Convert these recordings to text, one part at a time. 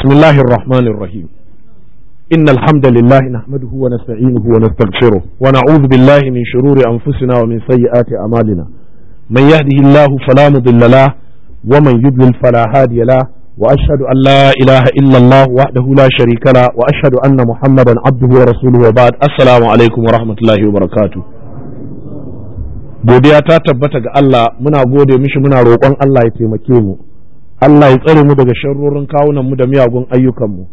بسم الله الرحمن الرحيم إن الحمد لله نحمده ونستعينه ونستغفره ونعوذ بالله من شرور أنفسنا ومن سيئات أعمالنا من يهده الله فلا مضل له ومن يضلل فلا هادي له وأشهد أن لا إله إلا الله وحده لا شريك له وأشهد أن محمدا عبده ورسوله وبعد السلام عليكم ورحمة الله وبركاته godiya ta tabbata ga Allah muna gode mishi muna roƙon Allah ya taimake mu Allah ya tsare mu daga sharrorin kawunan mu da miyagun ayyukan mu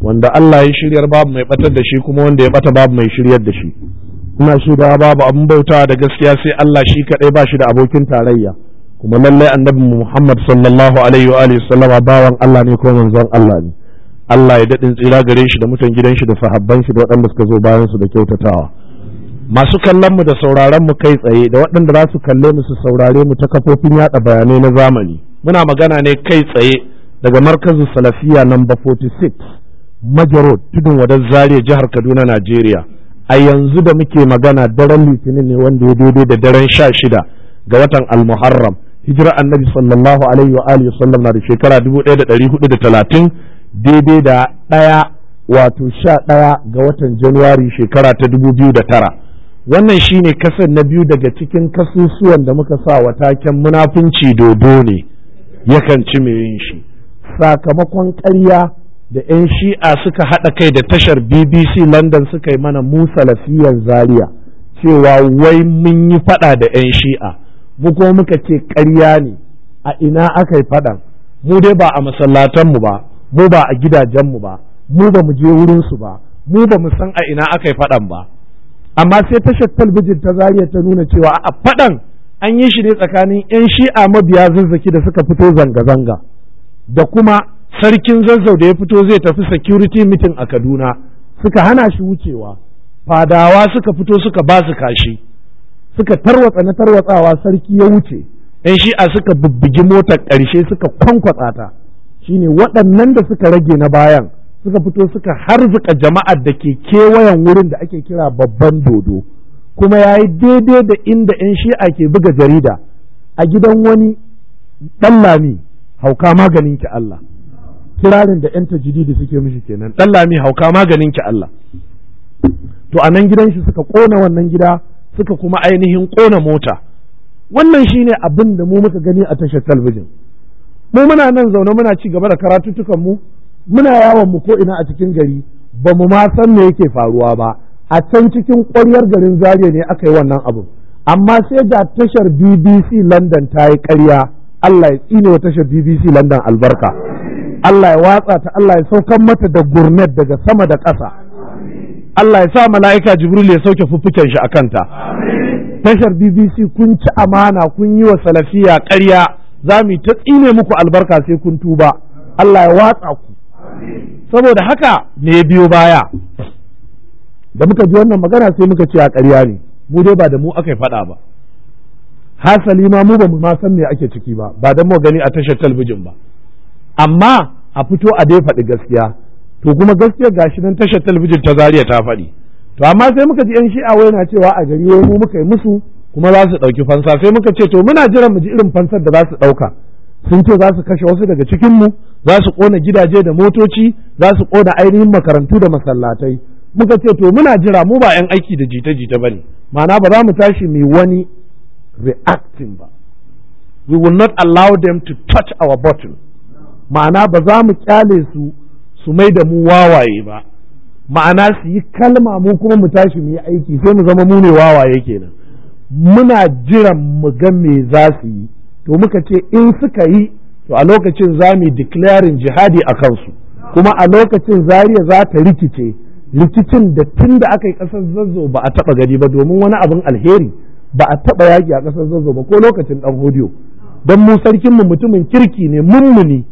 wanda Allah ya shiryar babu mai batar da shi kuma wanda ya bata babu mai shiryar da shi ina da babu abin bauta da gaskiya sai Allah shi kadai ba shi da abokin tarayya kuma lallai annabi Muhammad sallallahu alaihi wa alihi sallama bawan Allah ne ko manzon Allah ne Allah ya dadin tsira gare shi da mutan gidan shi da sahabban shi da waɗanda suka zo bayan su da kyautatawa masu kallon mu da sauraron mu kai tsaye da waɗanda za su kalle mu su saurare mu ta kafofin yada bayanai na zamani muna magana ne kai tsaye daga markazin salafiya number 46 majarod tudun wadar zariya jihar kaduna najeriya a yanzu da muke magana daren litinin ne wanda ya daidai da daren sha shida ga watan almuharram hijira annabi sallallahu alaihi wa alihi sallam na da shekara 1430 daidai da ɗaya wato sha ɗaya ga watan januwari shekara ta 2009 wannan shine kasar na biyu daga cikin kasusuwan da muka sa wa taken munafunci dodo ne yakan ci mai yin shi sakamakon karya da 'yan shi'a suka haɗa kai da tashar bbc london suka yi mana musa lafiyar zaria cewa wai mun yi faɗa da 'yan shi'a mu kuma muka ce karya ne a ina aka yi faɗan mu dai ba a masallatanmu ba mu ba a gidajenmu ba mu ba mu je wurinsu ba mu ba mu san a ina aka yi faɗan ba amma sai tashar talbijin ta zariya ta nuna cewa a faɗan an yi shi ne tsakanin 'yan shi'a mabiya zazzaki da suka fito zanga-zanga da kuma sarkin zazzau da ya fito zai tafi security meeting a kaduna suka hana shi wucewa fadawa suka fito suka ba su kashi suka tarwatsa na tarwatsawa sarki ya wuce 'yan shi'a suka bubbugi motar ƙarshe suka kwankwatsa ta shine waɗannan da suka rage na bayan suka fito suka harzuka jama'ar da ke kewayen wurin da ake kira babban dodo kuma ya yi daidai da inda 'yan shi'a ke buga jarida a gidan wani ɗan hauka maganin ki Allah kirarin da 'yan tajididi suke mishi kenan ɗan hauka maganin ki Allah to a nan gidan shi suka ƙona wannan gida suka kuma ainihin ƙona mota wannan shine abin da mu muka gani a tashar talabijin mu muna nan zaune muna ci gaba da karatuttukan mu muna yawon mu ko ina a cikin gari ba mu ma san me yake faruwa ba a can cikin ƙwaryar garin zariya ne aka yi wannan abu amma sai da tashar bbc london ta yi ƙarya allah ya tsine wa tashar bbc london albarka allah ya watsa ta allah ya saukan mata da gurnet daga sama da ƙasa allah ya sa mala'ika jibril ya sauke fuffuken shi a kanta tashar bbc kun ci amana kun yi wa salafiya ƙarya za mu ta tsine muku albarka sai kun tuba allah ya watsa ku saboda haka me biyo baya da muka ji wannan magana sai muka ce a ƙarya ne mu dai ba da mu aka faɗa ba hasali ma mu ba mu ma san me ake ciki ba ba dan mu gani a tashar talbijin ba amma a fito a dai faɗi gaskiya to kuma gaskiya gashi nan tashar talbijin ta zariya ta faɗi to amma sai muka ji yan shi'a wai na cewa a gari wai mu muka yi musu kuma za su ɗauki fansa sai muka ce to muna jiran mu ji irin fansar da za su ɗauka sun ce za su kashe wasu daga cikinmu za su ƙona gidaje da motoci za su ƙona ainihin makarantu da masallatai muka ce to muna jira mu ba 'yan aiki da jita-jita ba ne ma'ana ba za mu tashi mai wani reacting ba we will not allow them to touch our bottle ma'ana ba za mu kyale su su mai da mu wawaye ba ma'ana su yi kalma mu kuma mu tashi mu yi aiki sai mu zama mu ne wawaye kenan muna jiran mu ga me za su yi to muka ce in suka yi to a lokacin za mu declaring jihadi a kansu kuma a lokacin zariya za ta rikice rikicin da tun da aka yi ƙasar zazzo ba a taɓa gani ba domin wani abin alheri ba a taɓa yaƙi a ƙasar zazzo ba ko lokacin ɗan hodiyo don mu sarkin mu mutumin kirki ne mummuni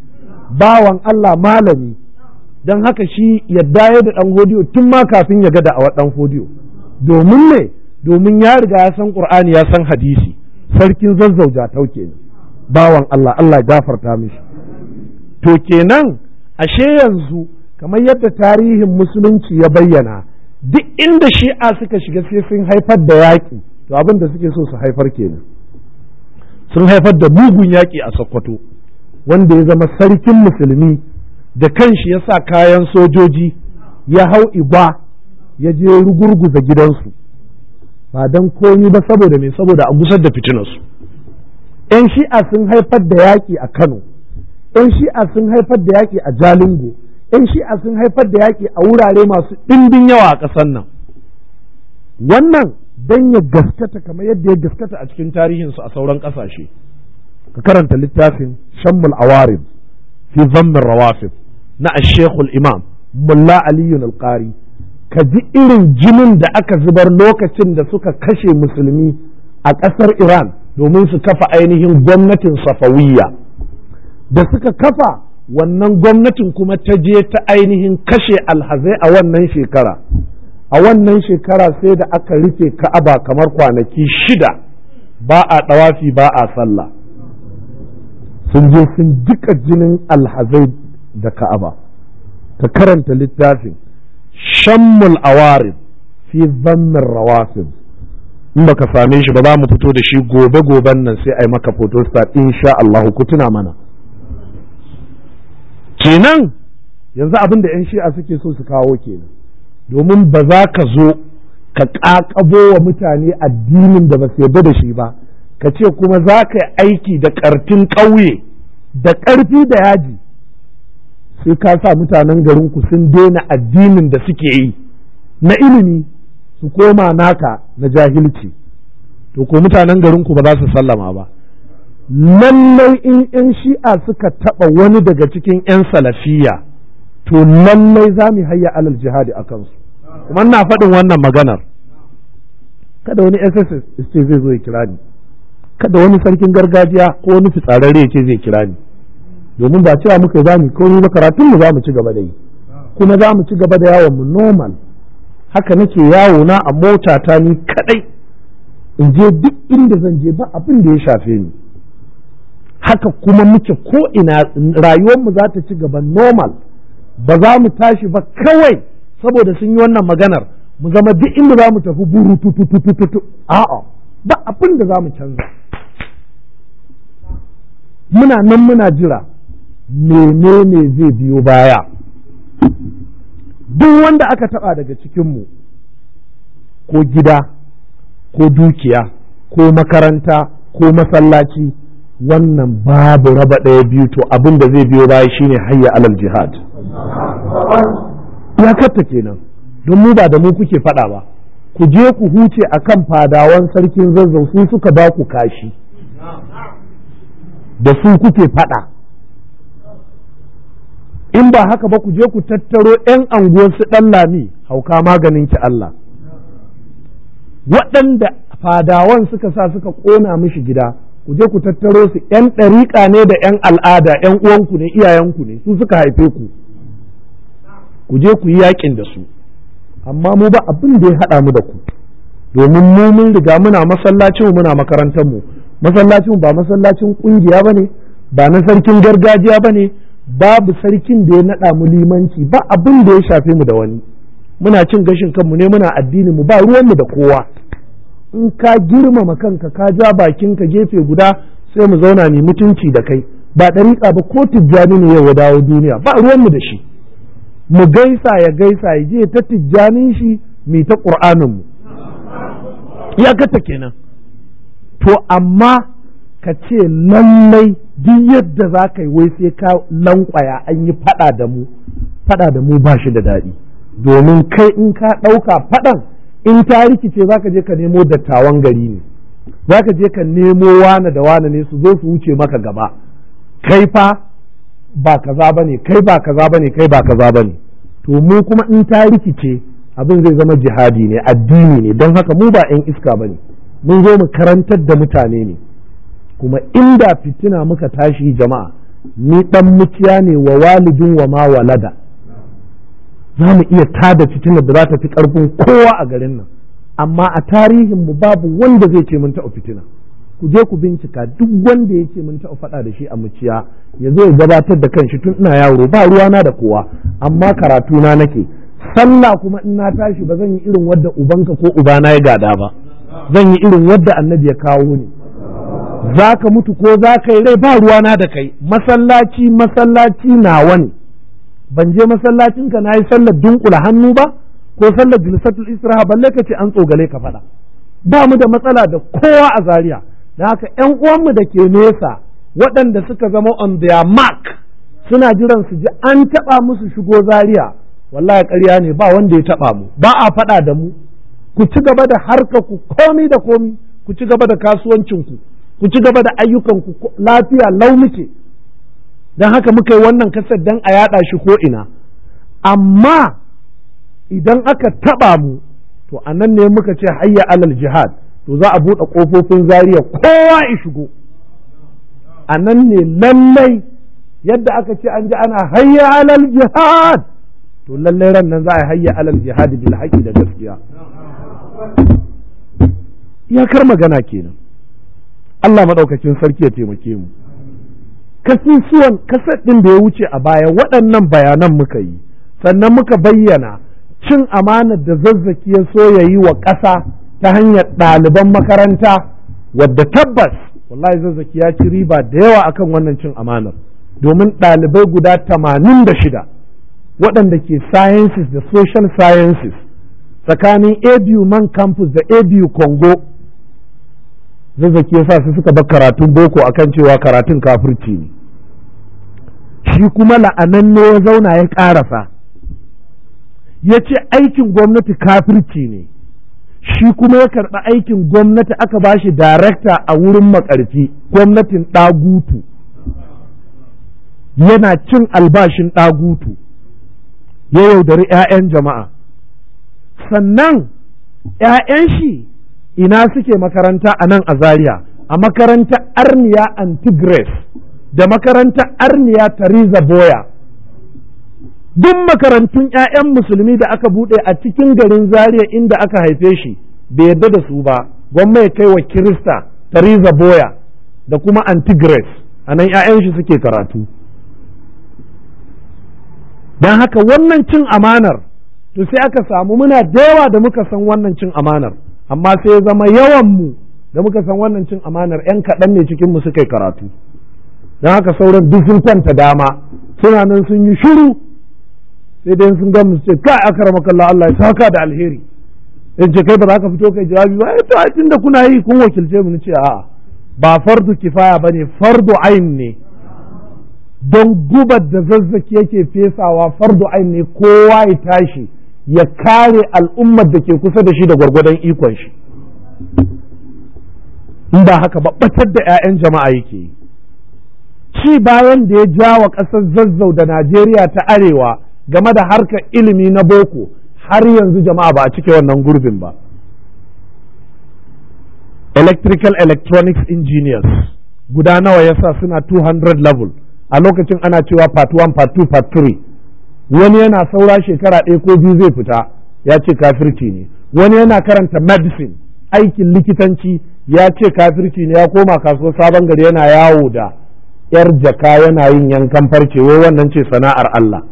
bawan Allah malami don haka shi ya daya da ɗan hodiyo tun ma kafin ya ga da'awar ɗan hodiyo domin ne domin ya riga ya san ƙur'ani ya san hadisi sarkin zazzau jatauke ne bawan Allah Allah gafarta mishi to kenan ashe yanzu kamar yadda tarihin musulunci ya bayyana duk inda shi'a suka shiga sai sun haifar da yaƙi to abin da suke so su haifar kenan sun haifar da mugun yaƙi a sokoto wanda ya zama sarkin musulmi da kanshi ya sa kayan sojoji ya hau igwa ya je rugurguza gidansu ba don komi ba saboda me saboda a gusar da fitinarsu 'yan shi'a sun haifar da yaƙi a kano 'yan shi'a sun haifar da yaƙi a jalingo 'yan shi'a sun haifar da yaƙi a wurare masu ɗimbin yawa a ƙasar nan wannan don ya gaskata kamar yadda ya gaskata a cikin tarihinsu a sauran ƙasashe ka karanta littafin shammul awarin fi zammin rawafin na ashekul imam mulla aliyun alƙari ka ji irin jinin da aka zubar lokacin da suka kashe musulmi a ƙasar iran domin su kafa ainihin gwamnatin safawiyya da suka kafa wannan gwamnatin kuma ta je ta ainihin kashe alhazai a wannan shekara a wannan shekara sai da aka rufe ka'aba kamar kwanaki shida ba a ɗawafi ba a sallah sun je sun jika jinin alhazai da ka'aba ka karanta littafin shammul awarid fi zammin rawasin in baka same shi ba za mu fito da shi gobe goben nan sai a yi maka photostat insha Allah ku tuna mana kenan yanzu abin da 'yan shi'a suke so su kawo kenan domin ba za ka zo ka ƙaƙabo wa mutane addinin da ba su yarda da shi ba ka ce kuma za ka yi aiki da ƙarfin ƙauye da ƙarfi da yaji sai ka sa mutanen garinku sun daina addinin da suke yi na ilimi su koma naka na jahilci to ko mutanen garinku ba za su sallama ba lallai in 'yan shi'a suka taɓa wani daga cikin 'yan salafiya to lallai za mu hayya alal jihadi a kansu kuma na faɗin wannan maganar kada wani sss ce zai zo ya kira ni kada wani sarkin gargajiya ko wani fitsararre ce zai kira ni domin ba cewa muka za mu ko ba karatun mu za mu ci gaba da yi kuma za mu ci gaba da yawon mu normal haka nake yawo na a mota ta ni kadai in je duk inda zan je ba abin da ya shafe ni haka kuma muke ko ina rayuwarmu za ta ci gaba normal ba za mu tashi ba kawai saboda sun yi wannan maganar mu zama duk inda za mu tafi buru tututututu a'a ba abin da za mu canza muna nan muna jira menene zai biyo baya duk wanda aka taba daga cikinmu ko gida ko dukiya ko makaranta ko masallaci wannan babu raba ɗaya biyu to abin da zai biyo baya shine hayya alal jihad ya katta kenan don mu ba da mu kuke faɗa ba ku je ku huce akan fadawan sarkin zazzau su suka ba ku kashi da su kuke faɗa in ba haka ba ku je ku tattaro 'yan anguwar su ɗan lami hauka maganin ki Allah waɗanda fadawan suka sa suka ƙona mishi gida ku je ku tattaro su yan ɗariƙa ne da yan al'ada yan uwanku ne iyayenku ne su suka haife ku ku je ku yi yaƙin da su amma mu ba abin da ya haɗa mu da ku domin mu mun riga muna masallacin muna makarantar mu masallacin ba masallacin kungiya bane ba na sarkin gargajiya bane babu sarkin da ya naɗa mu limanci ba abin da ya shafe mu da wani muna cin gashin kanmu ne muna addinin mu ba ruwan mu da kowa in ka girmama kanka ka ja bakinka gefe guda sai mu zauna ne mutunci da kai ba ɗariƙa ba ko tijjani ne yau dawo duniya ba ruwanmu da shi mu gaisa ya gaisa ya je ta tijjanin shi mai ta ƙur'anin mu iyakata kenan to amma ka ce lallai duk yadda za ka yi wai sai ka lankwaya an yi faɗa da mu faɗa da mu ba shi da daɗi domin kai in ka ɗauka faɗan in ta rikice ka je ka nemo dattawan gari ne za ka je ka nemo wane da wane ne su zo su wuce maka gaba kai fa ba kaza ne, kai ba kaza ne, kai ba kaza ne. to mu kuma in ta rikice abin zai zama jihadi ne addini ne don haka mu ba 'yan iska ba ne. mun zo mu karantar da mutane ne kuma inda fitina muka tashi jama'a ni dan mutiya ne wa walidin wa ma walada za mu iya tada fitinar da za ta fi ƙarfin kowa a garin nan amma a tarihin mu babu wanda zai ce mun taɓa fitina ku je ku bincika duk wanda ya ce mun taɓa faɗa da shi a muciya ya zo ya gabatar da kanshi tun ina yaro ba ruwa na da kowa amma karatu na nake sallah kuma in na tashi ba zan yi irin wadda ubanka ko ubana ya gada ba zan yi irin wadda annabi ya kawo ni za ka mutu ko za ka yi rai ba ruwa na da kai masallaci masallaci na wani. ban je masallacin ka nayi sallar dunkula hannu ba ko sallar jilsatul isra balle ka ce an tsogale ka faɗa ba mu da matsala da kowa a Zariya. da haka uwan uwanmu da ke nesa waɗanda suka zama on their mark suna jiran su ji an taɓa musu shigo Zariya. wallahi ƙarya ne ba wanda ya taɓa mu ba a faɗa da mu ku ci gaba da harkar ku komi da komi ku ci gaba da kasuwancinku ku ci gaba da ayyukanku lafiya lau muke don haka muka yi wannan kasar don a yaɗa shi ko ina amma idan aka taɓa mu to a nan ne muka ce hayya alal jihad to za a buɗe ƙofofin zariya kowa ya shigo a nan ne lallai yadda aka ce an ji ana hayya alal jihad to lallai ran nan za a hayya alal jihad bil haƙi da gaskiya iyakar magana kenan Allah maɗaukacin sarki ya taimake mu kasusuwan kasar ɗin da ya wuce a baya waɗannan bayanan muka yi sannan muka bayyana cin amanar da zazzaki ya so ya yi wa ƙasa ta hanyar ɗaliban makaranta wadda tabbas wallahi zazzaki ya ci riba da yawa akan wannan cin amanar domin ɗalibai guda tamanin da shida waɗanda ke sciences da social sciences tsakanin abu man campus da abu congo zazzaki ya sa su suka bar karatun boko akan cewa karatun kafirci ne shi kuma la'ananne ya zauna ya ƙarasa ya ce aikin gwamnati kafirci ne shi kuma ya karɓi aikin gwamnati aka ba shi darakta a wurin makarfi gwamnatin ɗagutu yana cin albashin ɗagutu ya yaudari 'ya'yan jama'a sannan 'ya'yan shi ina suke makaranta a nan a zaria a makarantar arniya antigres da makarantar arniya Tariza Boya duk makarantun 'ya'yan musulmi da aka buɗe a cikin garin Zaria inda aka haife shi bai yarda da su ba gwamma ya kai wa Kirista Tariza Boya da kuma Antigres a nan 'ya'yan shi suke karatu don haka wannan cin amanar to sai aka samu muna da da muka san wannan cin amanar amma sai ya zama yawanmu da muka san wannan cin amanar 'yan kaɗan ne cikin mu suka yi karatu don haka sauran duk sun kwanta dama suna nan sun yi shiru sai dai sun ga musu ce kai akrama kallah Allah ya saka da alheri in ce kai ba za ka fito kai jawabi ba ya eh, to a kuna yi kun wakilce mu ce a ba fardu kifaya ba ne fardu ain ne don gubar da zazzaki yake fesawa fardu ain ne kowa ya tashi ya kare al'ummar da ke kusa da shi da gwargwadon ikon shi in ba haka ba ɓatar da 'ya'yan jama'a yake yi ci bayan da ya ja wa ƙasar zazzau da najeriya ta arewa game da harkar ilimi na boko har yanzu jama'a ba a cike wannan gurbin ba electrical electronics engineers guda nawa yasa suna 200 level a lokacin ana cewa part 1 part 2 part 3 wani yana saura shekara ɗaya ko biyu zai fita ya ce kafirci ne wani yana karanta medicine aikin likitanci ya ce kafirci ne ya koma kasuwar sabon gari yana yawo da yar jaka yana yin yankan farce wai wannan ce sana'ar Allah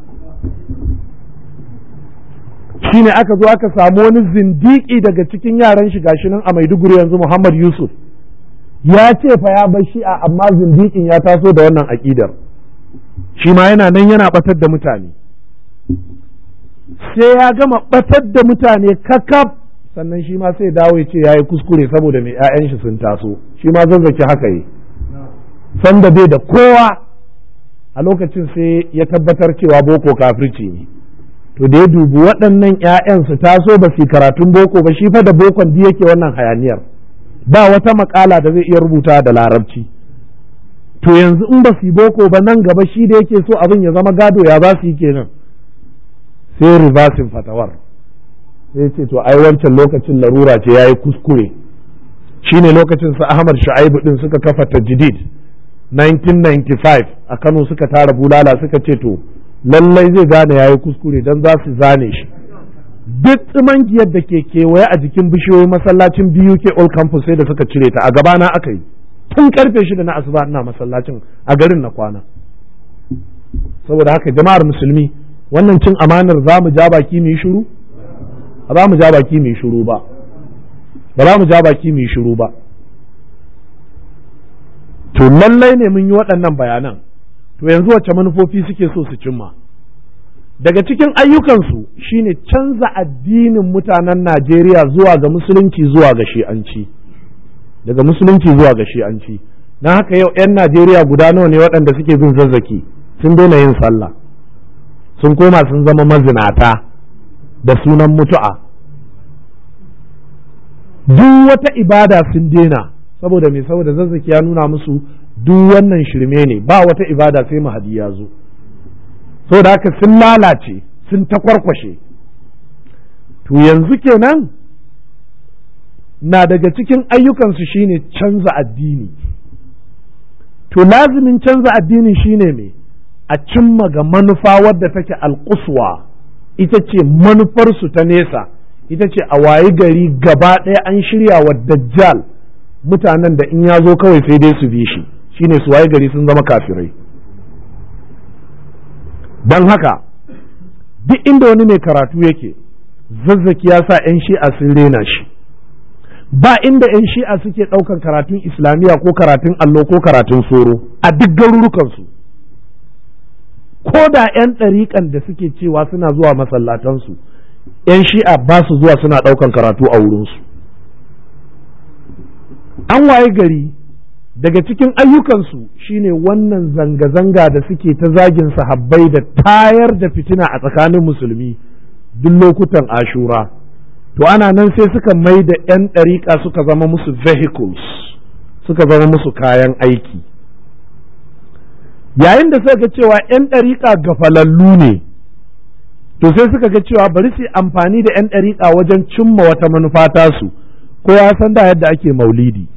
shi ne aka zo aka samu wani zindiki daga cikin yaran shi gashi nan a Maiduguri yanzu Muhammad Yusuf ya ce fa ya bar shi'a amma zindikin ya taso da wannan aƙidar shi ma yana nan yana batar da mutane sai ya gama batar da mutane kakaf sannan shi ma sai dawo ya ce ya kuskure saboda mai 'ya'yan shi sun taso shi ma zazzaki haka yi sanda bai da kowa a lokacin sai ya tabbatar cewa boko kafirci ne to da ya dubi waɗannan 'ya'yan su taso ba su karatun boko ba shi fa da bokon da yake wannan hayaniyar ba wata makala da zai iya rubuta da larabci to yanzu in ba su boko ba nan gaba shi da yake so abin ya zama gado ya ba su yi kenan sai reversing fatawar sai ce to ai wancan lokacin larura ce yayi kuskure shine lokacin su Ahmad Shu'aibu din suka kafa tajdid 1995 a Kano suka tara bulala suka ce to lallai zai gane yayi kuskure dan za su zane shi duk tsimangiyar da ke kewaye a jikin bishiyoyi masallacin BUK All Campus sai da suka cire ta a gabana aka yi tun karfe shida na asuba ina masallacin a garin na kwana saboda haka jama'ar musulmi wannan cin amanar za mu ja baki mu yi ba za mu ja baki mu yi shiru ba ba za mu ja baki mu yi shiru ba to lallai ne mun yi waɗannan bayanan to yanzu wacce manufofi suke so su cimma daga cikin ayyukansu shine canza addinin mutanen Najeriya zuwa ga musulunci zuwa ga shi'anci daga musulunci zuwa ga shi'anci Na haka yau 'yan Najeriya guda nawa ne waɗanda suke bin zazzaki sun daina yin sallah sun koma sun zama mazinata da sunan mutu'a duk wata ibada sun daina saboda mai saboda zazzaki ya nuna musu duk wannan shirme ne ba wata ibada sai mahadi ya zo saboda haka sun lalace sun takwarkwashe to yanzu kenan na daga cikin ayyukansu shine canza addini to lazimin canza addini shine me a cimma ga manufa wadda take alƙuswa ita ce manufarsu ta nesa ita ce a wayi gari gaba ɗaya an shirya wa dajjal mutanen da in ya zo kawai sai dai su bi shi shine su waye gari sun zama kafirai don haka duk inda wani mai karatu yake zazzaki ya sa 'yan shi'a sun rena shi ba inda 'yan shi'a suke ɗaukan karatun islamiyya ko karatun allo ko karatun soro a duk garurukansu ko da 'yan ɗariƙan da suke cewa suna zuwa masallatansu 'yan shi'a ba su zuwa suna ɗaukan karatu a wurinsu an waye gari daga cikin ayyukansu shine wannan zanga-zanga da suke ta zagin sahabbai da tayar da fitina a tsakanin musulmi duk lokutan ashura to ana nan sai suka mai da 'yan ɗariƙa suka zama musu vehicles suka zama musu kayan aiki yayin da suka ga cewa 'yan ɗariƙa gafalallu ne to sai suka ga cewa bari su amfani da 'yan ɗariƙa wajen cimma wata manufa tasu ko ya san da yadda ake maulidi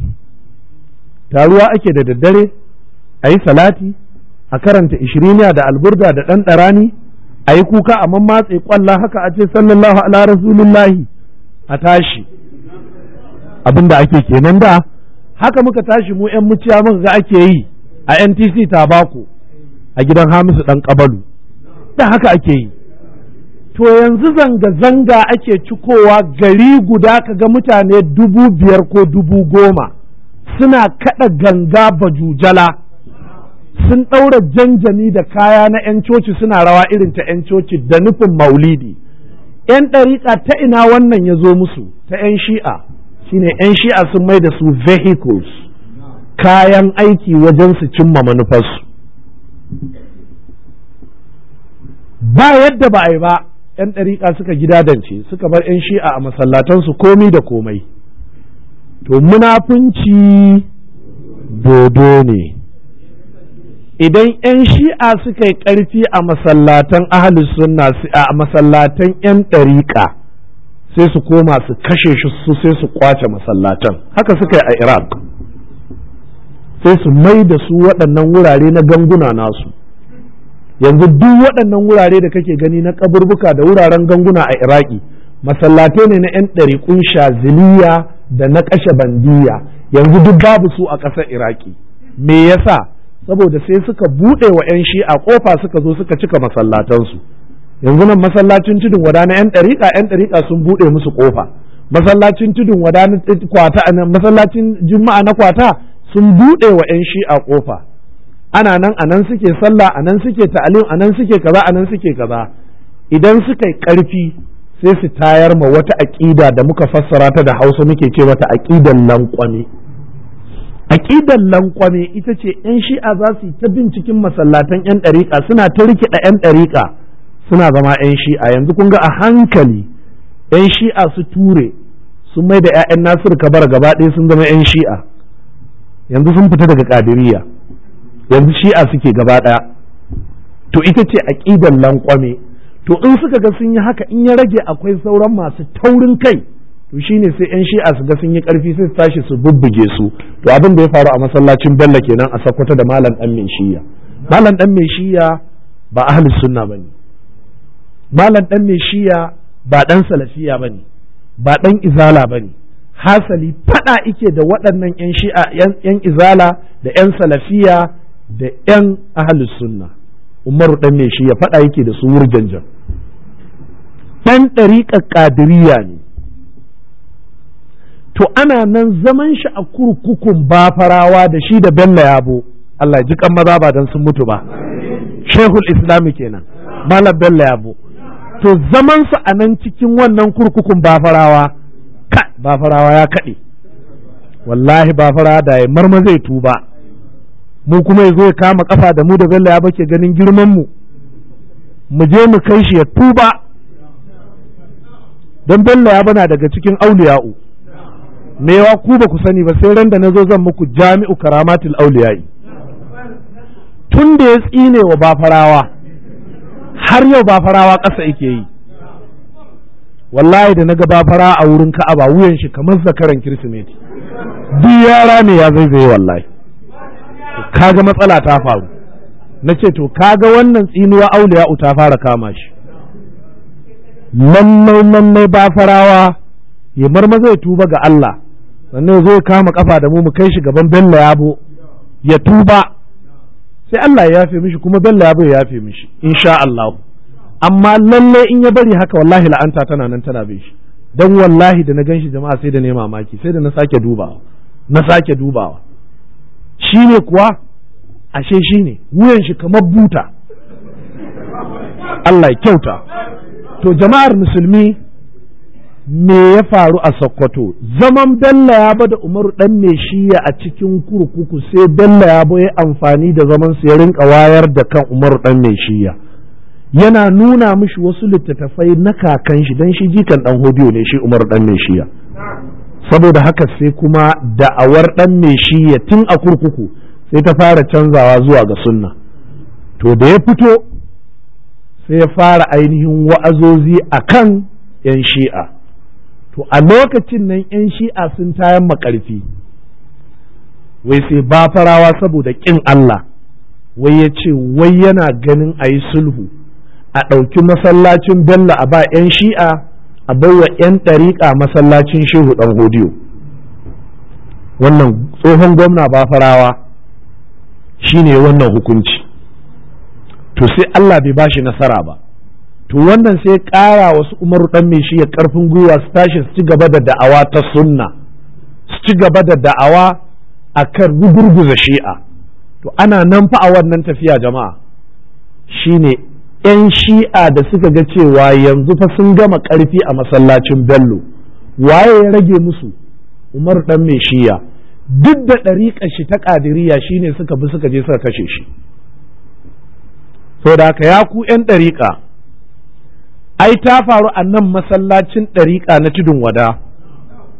taruwa ake da daddare a yi salati a karanta ishiriniya da alburda da ɗan ɗarani a yi kuka a mammatse ƙwallon haka a ce sallallahu ala rasulullahi a tashi abin da ake kenan da haka muka tashi mu 'yan muciya muka ga ake yi a ntc tabako a gidan hamisu ɗan ƙabalu da haka ake yi to yanzu zanga-zanga ake cikowa gari guda kaga mutane dubu biyar ko dubu goma suna kada ganga bajujala sun ɗaura janjani da kaya na 'yan coci suna rawa irin ta 'yan coci da nufin maulidi 'yan ɗariƙa ta ina wannan ya zo musu ta 'yan shi'a shine 'yan shi'a sun mai da su vehicles kayan aiki wajen su cimma manufarsu ba yadda ba a yi ba 'yan ɗariƙa suka gida dance suka bar 'yan shi'a a masallatansu komi da komai to munafunci dodo ne idan 'yan shi'a suka yi ƙarfi a masallatan ahalus sunna a masallatan 'yan ɗariƙa sai su koma su kashe shi su sai su kwace masallatan haka suka yi a iraq sai su mai da su waɗannan wurare na ganguna nasu yanzu duk waɗannan wurare da kake gani na kaburbuka da wuraren ganguna a iraki masallatai ne na 'yan ɗariƙun shaziliya da na ƙashe bandiya yanzu duk babu su a ƙasar iraki me yasa saboda sai suka buɗe wa 'yan shi'a ƙofa suka zo suka cika masallatansu yanzu nan masallacin tudun wada na 'yan ɗariƙa 'yan ɗariƙa sun buɗe musu ƙofa masallacin tudun wada na kwata masallacin juma'a na kwata sun buɗe wa 'yan shi'a ƙofa ana nan a nan suke sallah a nan suke ta'alim a nan suke kaza a nan suke kaza idan suka yi ƙarfi sai su tayar ma wata aƙida da muka fassara ta da hausa muke ce mata aƙidan lankwame aƙidan lankwame ita ce 'yan shi'a za su yi ta binciken masallatan 'yan ɗariƙa suna ta rikida 'yan ɗariƙa suna zama 'yan shi'a yanzu kun ga a hankali 'yan shi'a su ture sun mai da 'ya'yan nasiru kabar gaba ɗaya sun zama 'yan shi'a yanzu sun fita daga ƙadiriya yanzu shi'a suke gaba ɗaya to ita ce nan lankwame to in suka ga sun yi haka in ya rage akwai sauran masu taurin kai to shine sai yan shi'a su ga sun yi ƙarfi sai su tashi su bubbuge su to abin da ya faru a masallacin bello kenan a sakwata da malam ɗan mai shiya malam ɗan mai shiya ba ahli sunna bane malam ɗan mai shiya ba ɗan salafiya bane ba ɗan izala bane hasali faɗa ike da waɗannan yan shi'a yan izala da yan salafiya da 'yan ahalus sunna umaru dan me shi ya faɗa yake da su wurjanjan ɗan ɗariƙar ƙadiriya ne to ana nan zaman shi a kurkukun bafarawa da shi da bello yabo Allah ji kan maza ba dan sun mutu ba shehul islami kenan malam bello yabo to zaman su a nan cikin wannan kurkukun bafarawa ka bafarawa ya kaɗe wallahi bafarawa da ya marma zai tuba mu kuma ya zo ya kama kafa da mu da bello ya bake ganin girman mu mu je mu kai shi ya tuba don bello ya bana daga cikin auliya'u me yawa ku ba ku sani ba sai ran da nazo zan muku jami'u karamatul auliya'i tun da ya tsine wa bafarawa har yau bafarawa ƙasa yake yi wallahi da naga bafara a wurin ka'aba wuyan shi kamar zakaran kirsimeti duk yara ne ya zai wallahi kaga matsala ta faru na ce to kaga wannan tsinuwa auliya ta fara kama shi lallai lallai ba farawa ya marma zai tuba ga Allah sannan zai kama kafa da mu mu kai shi gaban Bello Yabo ya tuba sai Allah ya yafe mishi kuma Bello Yabo ya yafe mishi insha Allah amma lallai in ya bari haka wallahi la'anta tana nan tana bin shi dan wallahi da na gan shi jama'a sai da ne mamaki sai da na sake dubawa na sake dubawa shi ne kuwa ashe shi ne wuyan shi kamar buta Allah ya kyauta to jama'ar musulmi me ya faru a Sokoto zaman Bello ya bada Umaru dan mai shiya a cikin kurkuku sai Bello ya ya amfani da zaman su ya rinka wayar da kan Umaru dan mai shiya yana nuna mishi wasu littattafai na kakan shi dan shi jikan dan hodiyo ne shi Umaru dan mai shiya saboda haka sai kuma da'awar ɗan mai shi ya tun a kurkuku sai ta fara canzawa zuwa ga sunna to da ya fito sai ya fara ainihin wa'azozi a kan 'yan shi'a to a lokacin nan 'yan shi'a sun tayan makarfi wai sai ba farawa saboda ƙin Allah wai ya ce wai yana ganin a yi sulhu a ɗauki masallacin bello a ba 'yan shi'a a baiwa 'yan ɗariƙa masallacin shehu ɗan godiyo, wannan tsohon gwamna bafarawa ne wannan hukunci to sai Allah bai bashi nasara ba to wannan sai ƙara wasu umaru ɗan mai shi ya ƙarfin gwiwa su tashi su ci gaba da da'awa ta sunna su ci gaba da da'awa a kan rugurguza shi'a to ana nan fa a wannan tafiya jama'a shi ne. 'yan shi'a da suka ga cewa yanzu fa sun gama ƙarfi a masallacin bello waye ya rage musu umar ɗan mai shiya duk da ɗariƙar shi ta ƙadiriya ne suka bi suka je suka kashe shi so da ka ya ku 'yan ɗariƙa ai ta faru a nan masallacin ɗariƙa na tudun wada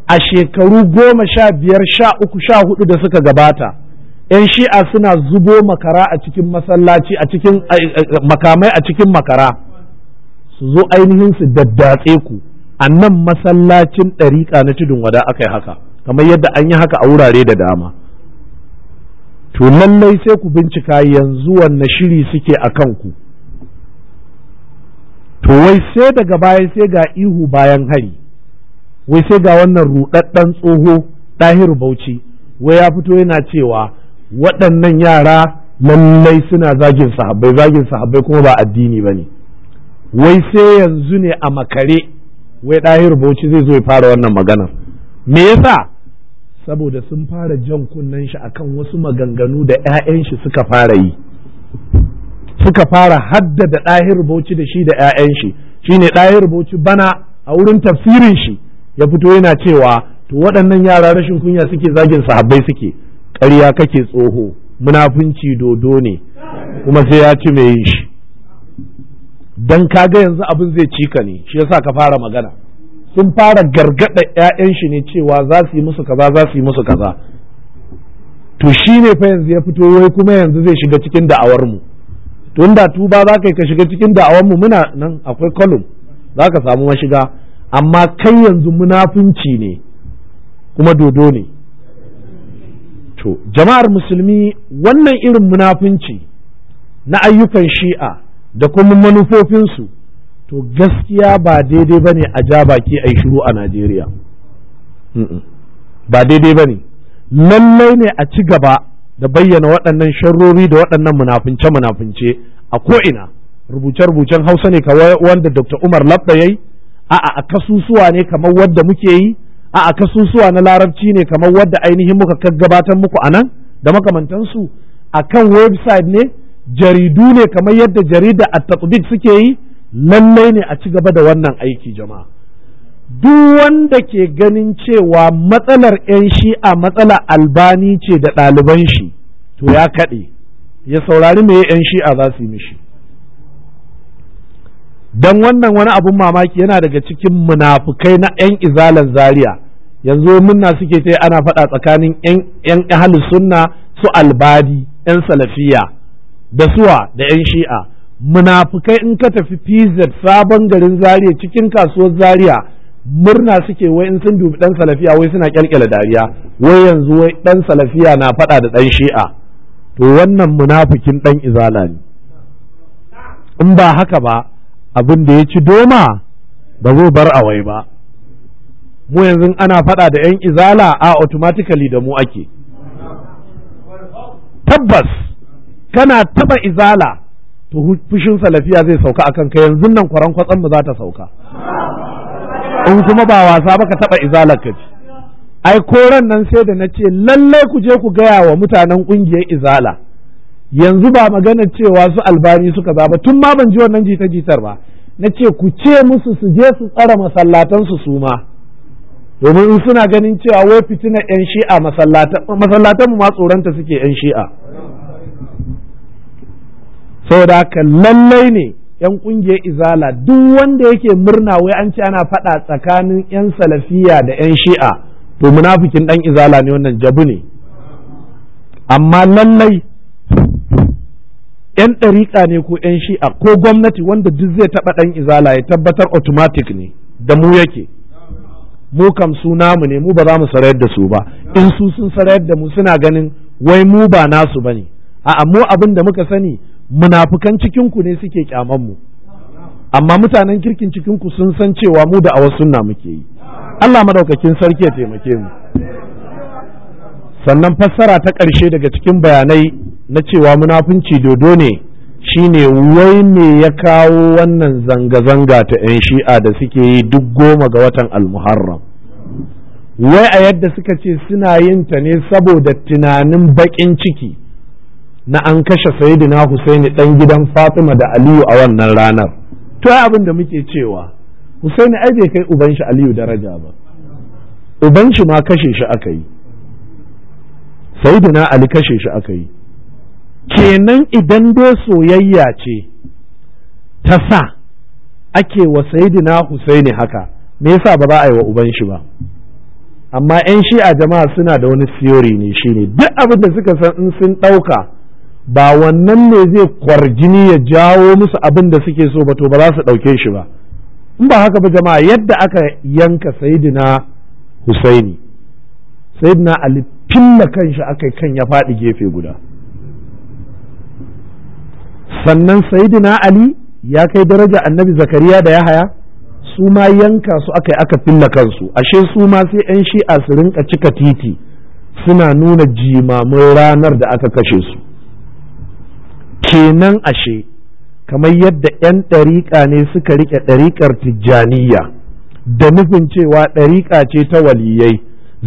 a shekaru goma sha biyar sha uku sha hudu da suka gabata 'yan shi'a suna zubo makara a cikin masallaci a cikin makamai a cikin makara su zo ainihin su daddatse ku a nan masallacin ɗariƙa na tudun wada aka yi haka kamar yadda an yi haka a wurare da dama to lallai sai ku bincika yanzu wanne shiri suke a kanku to wai sai daga baya sai ga ihu bayan hari wai sai ga wannan ruɗaɗɗen tsoho ɗahiru bauchi wai ya fito yana cewa waɗannan yara lallai suna zagin sahabbai zagin sahabbai kuma ba addini ba ne wai sai yanzu ne a makare wai ɗahir bauchi zai zo ya fara wannan magana me yasa saboda sun fara jan kunnen shi akan wasu maganganu da 'ya'yan shi suka fara yi suka fara haddada ɗahir bauchi da shi da 'ya'yan shi shine ɗahir bauchi bana a wurin tafsirin shi ya fito yana cewa to waɗannan yara rashin kunya suke zagin sahabbai suke ƙarya kake tsoho munafunci dodo ne kuma sai ya ci mai yin shi dan kaga yanzu abin zai cika ne shi yasa ka fara magana sun fara gargada yayan shi ne cewa za su yi musu kaza za su yi musu kaza to shi ne fa yanzu ya fito wai kuma yanzu zai shiga cikin da'awarmu? Tun da inda tuba za ka ka shiga cikin da'awarmu muna nan akwai kolum za ka samu mashiga amma kai yanzu munafunci ne kuma dodo ne to jama'ar musulmi wannan irin munafunci na ayyukan shi'a da kuma manufofinsu to gaskiya ba daidai ba ne a ja baki a yi shiru a najeriya ba daidai ba ne lallai ne a ci gaba da bayyana waɗannan sharrori da waɗannan munafunce-munafunce a ko'ina rubuce-rubucen hausa ne kawai wanda dr umar labda ya yi a'a a kasusuwa ne kamar wadda muke yi a'a kasusuwa na larabci ne kamar wadda ainihin muka gabatar muku a nan da makamantansu a kan website ne jaridu ne kamar yadda jarida a tatbik suke yi lallai ne a ci gaba da wannan aiki jama'a duk wanda ke ganin cewa matsalar 'yan shi'a matsala albani ce da ɗaliban shi to ya kaɗe ya saurari me 'yan shi'a za su yi mishi don wannan wani abun mamaki yana daga cikin munafukai na 'yan izalan zaria yanzu munna suke ce ana faɗa tsakanin yan ahalus sunna su albadi yan salafiya da suwa da yan shi'a munafukai in ka tafi pz sabon garin Zariya, cikin kasuwar Zariya murna suke wai in sun dubi ɗan salafiya wai suna kyalkyala dariya wai yanzu wai dan salafiya na faɗa da ɗan shi'a to wannan munafukin ɗan izala ne in ba haka ba abin da ya ci doma ba zai bar awai ba mu yanzu ana faɗa da 'yan izala a automatically da mu ake tabbas kana taɓa izala to fushin salafiya zai sauka akan ka yanzu nan kwaran kwatsan mu za ta sauka in kuma ba wasa ba ka taɓa izalar ka ci ai koran nan sai da na ce lallai ku je ku gaya wa mutanen ƙungiyar izala yanzu ba magana cewa su albani suka ba tun ma ban ji wannan jita-jitar ba na ce ku ce musu su je su tsara masallatansu su ma domin in suna ganin cewa wai fitina yan shi'a masallatan mu ma tsoronta suke yan shi'a saboda haka lallai ne yan ƙungiyar izala duk wanda yake murna wai an ce ana faɗa tsakanin yan salafiya da yan shi'a to munafikin ɗan izala ne wannan jabu ne amma lallai yan ɗariƙa ne ko yan shi'a ko gwamnati wanda duk zai taɓa ɗan izala ya tabbatar automatic ne da mu yake mu kam su namu ne mu ba za mu sarayar da su ba in su sun sarayar da mu suna ganin wai mu ba nasu ba ne. a'a mu abin da muka sani munafukan cikin ku ne suke kyaman mu amma mutanen kirkin cikin ku sun san cewa mu da awa suna muke yi Allah madaukakin sarki ya taimake mu sannan fassara ta ƙarshe daga cikin bayanai na cewa munafunci dodo ne shine wai me ya kawo wannan zanga-zanga ta 'yan shi'a da suke yi duk goma ga watan almuharram wai a yadda suka ce suna yin ta ne saboda tunanin baƙin ciki na an kashe sayidina Husaini ɗan gidan Fatima da Aliyu a wannan ranar to ai abin da muke cewa Husaini ai bai kai uban shi Aliyu daraja ba uban shi ma kashe shi aka yi sayidina Ali kashe shi aka yi kenan idan dai soyayya ce ta sa ake wa saidina Husaini haka me yasa ba za a yi wa uban shi ba amma 'yan shi'a jama'a suna da wani siyori ne shine duk abin da suka san in sun ɗauka ba wannan ne zai kwarjini ya jawo musu abin da suke so ba to ba za su ɗauke shi ba in ba haka ba jama'a yadda aka yanka saidina Husaini saidina Ali tilla kanshi aka kan ya faɗi gefe guda sannan sayidina ali ya kai daraja annabi zakariya da yahaya su ma yanka su aka yi aka filla kansu ashe su ma sai yan shi'a su rinka cika titi suna nuna jimamin ranar da aka kashe su kenan ashe kamar yadda 'yan ɗariƙa ne suka riƙe ɗariƙar tijjaniya da nufin cewa ɗariƙa ce ta waliyai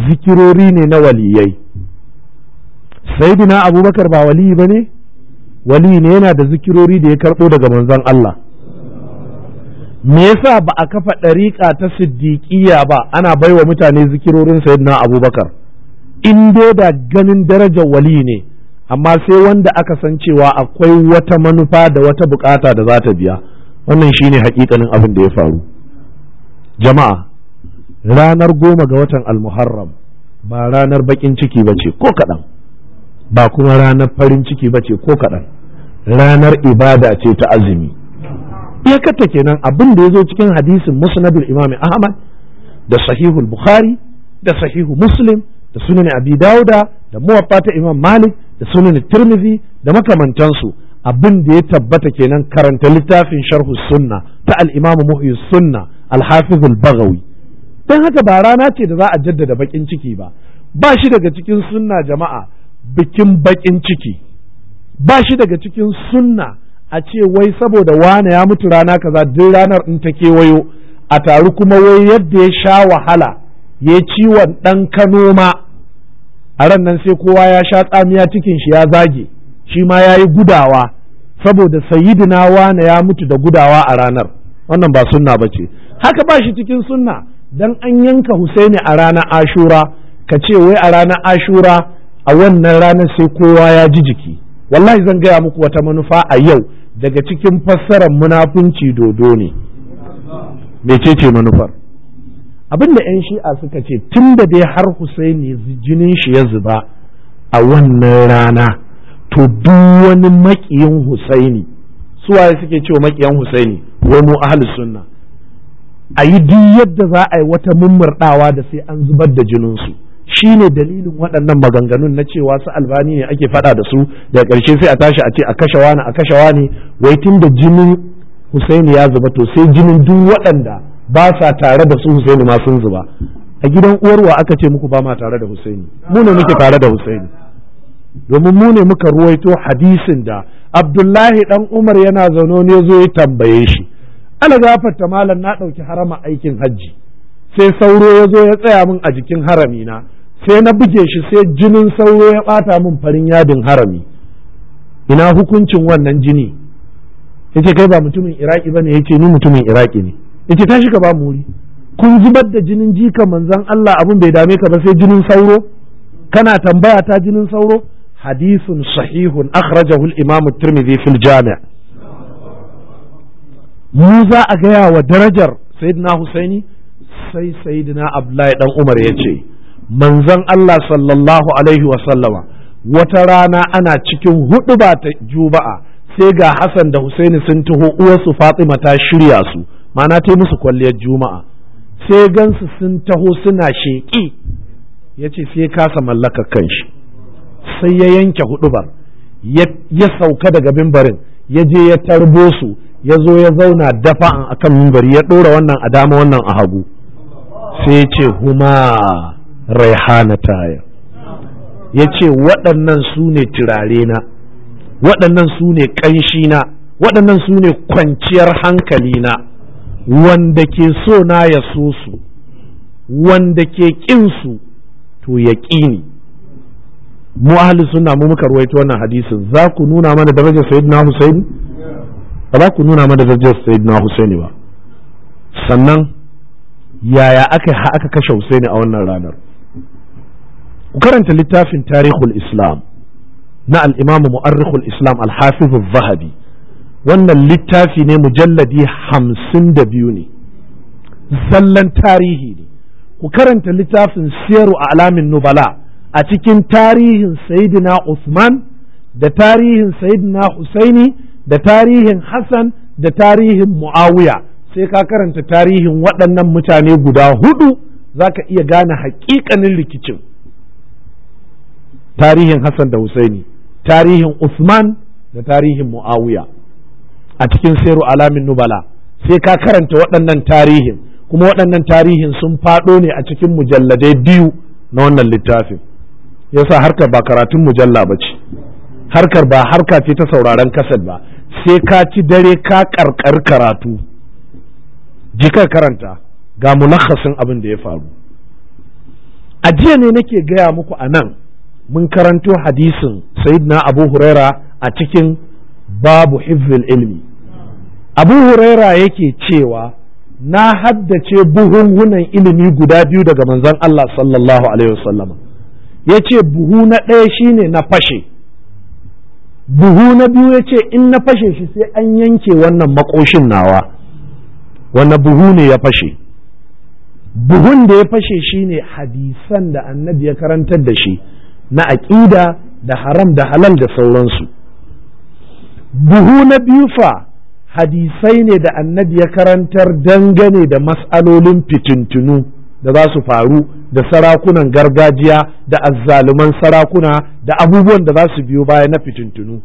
zikirori ne na waliyai saidina abubakar ba waliyi ba ne wali ne yana da zikirori da ya karɓo daga manzon Allah me yasa ba a kafa ɗariƙa ta siddiƙiya ba ana baiwa mutane zikirorin sayyidina abubakar in dai da ganin darajar wali ne amma sai wanda aka san cewa akwai wata manufa da wata bukata da za ta biya wannan shine hakikanin abin da ya faru jama'a ranar goma ga watan almuharram ba ranar bakin ciki ba ce ko kaɗan ba kuma ranar farin ciki ba ce ko kaɗan ranar ibada ce ta azumi iyakarta kenan abin da ya zo cikin hadisin musnadul imam ahmad da sahihul bukhari da sahihu muslim da sunan abi dauda da muwaffa ta imam malik da sunan tirmidhi da makamantansu abin da ya tabbata kenan karanta littafin sharhu sunna ta al-imam muhyi sunna al-hafiz al-baghawi dan haka ba rana ce da za a jaddada bakin ciki ba ba shi daga cikin sunna jama'a bikin bakin ciki ba shi daga cikin sunna a ce wai saboda wane ya mutu rana kaza duk ranar in ta kewayo a taru kuma wai yadda ya sha wahala ya ciwon ɗan kano ma a ran nan sai kowa ya sha tsamiya cikin shi ya zage shi ma ya yi gudawa saboda sayidina wane ya mutu da gudawa a ranar wannan ba sunna ba ce haka ba shi cikin sunna dan an yanka husaini a ranar ashura ka ce wai a ranar ashura a wannan ranar sai kowa ya ji jiki wallahi zan gaya muku wata manufa a yau daga cikin fassarar munafunci dodo ne mecece manufar abin da 'yan shi'a suka ce tun da dai har Husaini jinin shi ya zuba a wannan rana to duk wani makiyin Husaini suwaye suke cewa makiyan Husaini wai mu ahlus sunna a yi duk yadda za a yi wata mummurɗawa da sai an zubar da jininsu shi ne dalilin waɗannan maganganun na cewa su albani ne ake faɗa da su da ƙarshe sai a tashi a ce a kashe wani a kashe wani wai tun da jinin Husaini ya zuba to sai jinin duk waɗanda ba sa tare da su Husaini ma sun zuba a gidan uwarwa aka ce muku ba ma tare da Husaini mu ne muke tare da Husaini domin mu ne muka ruwaito hadisin da Abdullahi dan Umar yana zaune ne zo ya tambaye shi ala gafarta malam na ɗauki harama aikin hajji sai sauro ya zo ya tsaya min a jikin harami na sai na buge shi sai jinin sauro ya ɓata min farin yadin harami ina hukuncin wannan jini yace kai ba mutumin iraki bane yace ni mutumin iraki ne yace tashi ka ba mu wuri kun zubar da jinin jika manzon Allah abun bai dame ka ba sai jinin sauro kana tambaya ta jinin sauro hadisun sahihun akhrajahu al-imam at-tirmidhi fil jami' mu za a gaya wa darajar sayyidina husaini sai sayyidina abdullahi dan umar yace manzon Allah sallallahu alaihi wasallama wata rana ana cikin hudu ba ta juba'a sai ga Hassan da Husaini sun taho uwarsu Fatima ta shirya su mana ta musu kwalliyar juma'a sai gansu sun taho suna sheƙi ya ce sai kasa mallakar kanshi sai ya yanke hudubar ya sauka daga mimbarin ya je ya tarbo su ya zo ya zauna dafa akan mimbari ya ɗora wannan a dama wannan a hagu sai ce huma raihanataya ya ce waɗannan su ne turare na waɗannan su ne ƙanshi na waɗannan su ne kwanciyar hankali na wanda ke so na ya so su wanda ke ƙinsu to ya ƙini mu suna mu muka ruwaito wannan hadisin za ku nuna mana darajar sayyidina husaini ba za ku nuna mana darajar sayyidina husaini ba sannan yaya aka aka kashe husaini a wannan ranar ku karanta littafin tarihul islam na al'imamu mu'arrikhul islam al-hafizu zahabi wannan littafi ne mujalladi hamsin da biyu ne zallan tarihi ne ku karanta littafin siyaru a alamin nubala a cikin tarihin sayidina usman da tarihin sayidina husaini da tarihin hassan da tarihin muawiya sai ka karanta tarihin waɗannan mutane guda hudu za ka iya gane haƙiƙanin rikicin tarihin Hassan da Husaini tarihin Usman da tarihin Muawiya a cikin Sairu Alamin Nubala sai ka karanta waɗannan tarihin kuma waɗannan tarihin sun faɗo ne a cikin mujalladai biyu na wannan littafin yasa harkar ba karatun mujalla ba ce harkar ba harka ce ta sauraron kasar ba sai ka ci dare ka karkar karatu jikar karanta ga mulakhasin abin da ya faru a jiya ne nake gaya muku a nan mun karanto hadisin sayyidina abu huraira a cikin babu hifzil ilmi abu huraira yake cewa na haddace buhunhunan ilimi guda biyu daga manzon Allah sallallahu alaihi wasallam ya ce buhu na ɗaya shine na fashe buhu na biyu ya ce in na fashe shi sai an yanke wannan makoshin nawa wannan buhu ne ya fashe buhun da ya fashe shine hadisan da annabi ya karantar da shi na aƙida da haram da halal da sauransu buhu na biyu fa hadisai ne da annabi ya karantar dangane da mas'alolin fitintunu da za su faru da sarakunan gargajiya da azzaluman sarakuna da abubuwan da za su biyo baya na fitintunu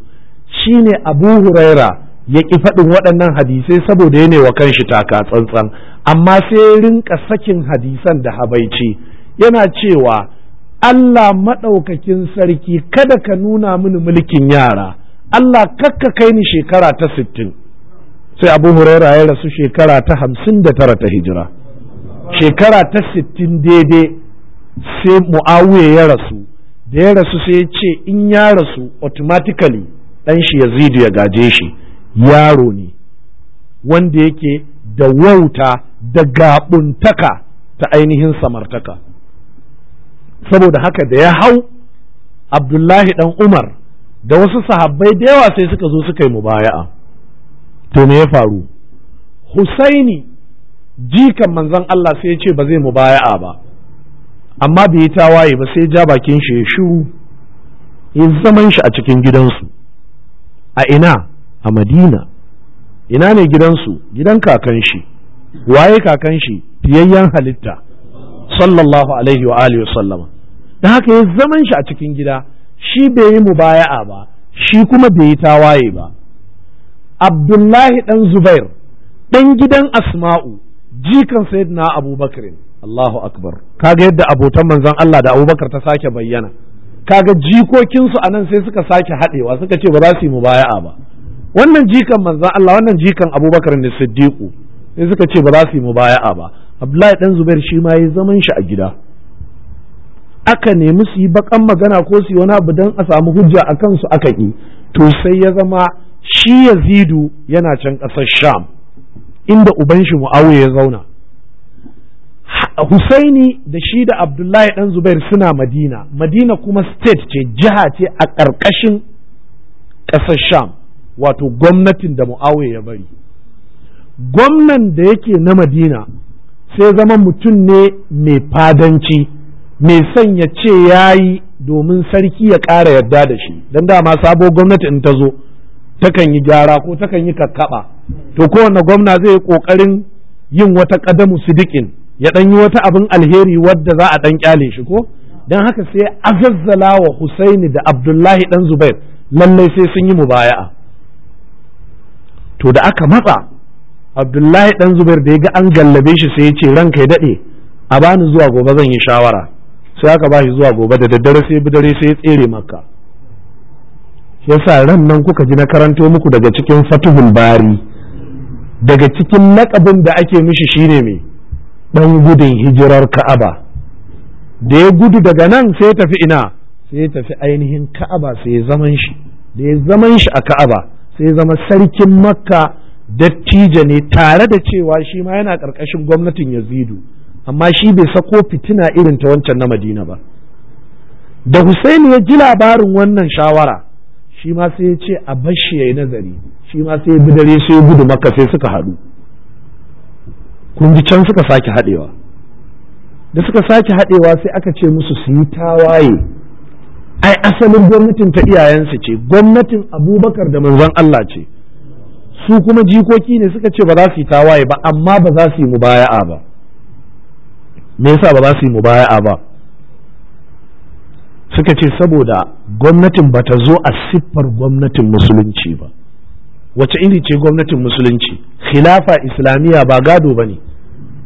shine abu huraira ya ƙi faɗin waɗannan hadisai saboda ya wa kanshi taka tsantsan amma sai rinka sakin hadisan da habaici yana cewa Allah maɗaukakin sarki kada ka nuna mini mulkin yara Allah kakka kai ni shekara ta sittin sai abu huraira ya rasu shekara ta hamsin da tara ta hijira shekara ta sittin daidai sai mu'awiya ya rasu da ya rasu sai ya ce in ya rasu automatically ɗan shi zidu ya gaje shi yaro ne wanda yake da wauta da gaɓuntaka ta ainihin samartaka saboda haka da ya hau abdullahi dan umar da wasu sahabbai da yawa sai suka zo suka yi mubaya'a to me ya faru husaini jikan manzon Allah sai ya ce ba zai mu baya'a ba amma bai yi tawaye ba sai ja bakin shi ya shiru ya zaman shi a cikin gidansu a ina a madina ina ne gidansu gidan kakan shi waye kakan shi fiyayyen halitta sallallahu alaihi wa alihi sallama Da haka ya zaman shi a cikin gida shi bai yi mu baya'a ba shi kuma bai yi tawaye ba Abdullahi dan Zubair dan gidan Asma'u jikan sayyidina Abubakar Allahu akbar kaga yadda abotan manzon Allah da Abubakar ta sake bayyana kaga jikokinsu a nan sai suka sake haɗewa suka ce ba za su yi mu baya'a ba wannan jikan manzan Allah wannan jikan abubakar ne siddiqu sai suka ce ba za su yi mu baya'a ba abdullahi dan zubair shi ma ya zaman shi a gida aka nemi su yi bakan magana ko su yi wani abu don a samu hujja a kansu aka ƙi to sai ya zama shi yazidu yana can ƙasar sham inda uban shi mu'awiya ya zauna Husaini da shi da Abdullahi Dan Zubair suna Madina, Madina kuma state ce, jiha ce a ƙarƙashin ƙasar Sham, wato gwamnatin da Mu'awiya ya bari. Gwamnan da yake na Madina sai zama mutum ne mai fadanci mai sanya ce ya yi domin sarki ya ƙara yarda da shi don dama sabo gwamnati in ta zo takan yi gyara ko takan yi kakkaɓa to kowane gwamna zai yi ƙoƙarin yin wata ƙadamu sidikin ya ɗan yi wata abin alheri wadda za a ɗan ƙyale shi ko don haka sai azazzala wa Husaini da Abdullahi ɗan Zubair lallai sai sun yi mubaya'a to da aka matsa abdullahi dan zubair da ya ga an gallabe shi sai ya ce ranka ya daɗe a bani zuwa gobe zan yi shawara sai aka ba shi zuwa gobe da daddare sai bi dare sai ya tsere maka yasa ran nan kuka ji na karanto muku daga cikin fatuhul bari daga cikin lakabin da ake mishi shine mai dan gudun hijirar ka'aba da ya gudu daga nan sai ya tafi ina sai ya tafi ainihin ka'aba sai ya zaman shi da ya zaman shi a ka'aba sai ya zama sarkin makka dattijo ne tare da cewa shi ma yana ƙarƙashin gwamnatin yazidu amma shi bai sako fitina irin ta wancan na madina ba da husaini ya ji labarin wannan shawara shi ma sai ya ce a bashi ya yi nazari shi ma sai ya bi sai ya gudu maka sai suka haɗu kun ji can suka sake haɗewa da suka sake haɗewa sai aka ce musu su yi tawaye ai asalin gwamnatin ta iyayensu ce gwamnatin abubakar da manzon Allah ce su kuma jikoki ne suka ce ba za su yi tawaye ba amma ba za su yi mubaya'a ba me yasa ba za su yi mubaya'a ba suka ce saboda gwamnatin ba ta zo a siffar gwamnatin musulunci ba wace iri ce gwamnatin musulunci khilafa islamiyya ba gado ba ne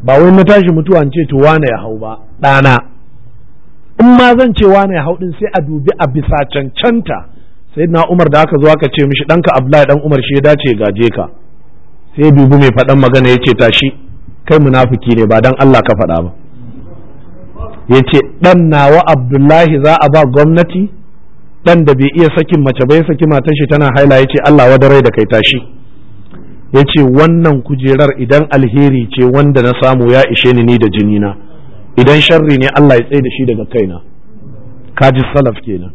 ba wai na tashi mutuwa ce to wane ya hau ba ɗana in ma zan ce wane ya hau din sai a dubi a bisa cancanta sai na Umar da aka zo aka ce mishi ɗanka Abdullahi dan Umar shi ya dace ga gaje ka sai dubi mai faɗan magana ya ce tashi kai munafuki ne ba dan Allah ka faɗa ba ya ce ɗan nawa Abdullahi za a ba gwamnati ɗan da bai iya sakin mace bai saki matar shi tana haila ya ce Allah rai da kai tashi ya ce wannan kujerar idan alheri ce wanda na samu ya ishe ni ni da jini na. idan sharri ne Allah ya tsaye da shi daga kaina kaji salaf kenan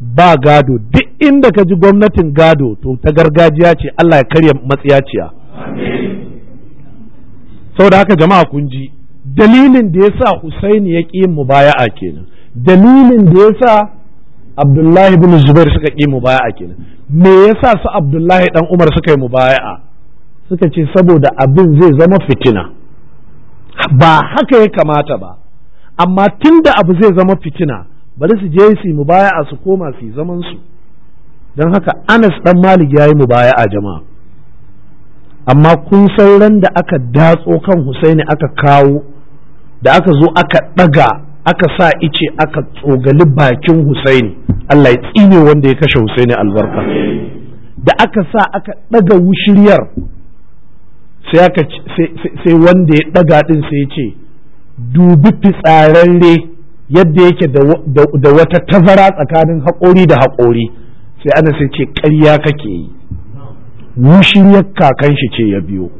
ba gado duk inda ka ji gwamnatin gado to ta gargajiya ce Allah ya karya matsiyaciya saboda haka jama'a kun ji dalilin da ya sa Husaini ya ƙi a kenan dalilin da ya sa Abdullahi bin Zubair suka ƙi a kenan me ya sa su Abdullahi dan Umar suka yi mu mubaya'a suka ce saboda abin zai zama fitina ba haka ya kamata ba amma tunda abu zai zama fitina bari su je su mubaya'a su koma su zaman su don haka Anas dan Malik yayi mubaya'a jama'a amma kun san ran da aka datso kan Husaini aka kawo da aka zo aka daga aka sa ice aka tsogali bakin Husaini Allah ya tsine wanda ya kashe Husaini albarka da aka sa aka daga wushiryar sai wanda ya daga din sai ya ce dubi fitsararre yadda yake da wata tazara tsakanin haƙori da haƙori sai ana sai ce ƙarya kake yi ya kakan shi ce ya biyo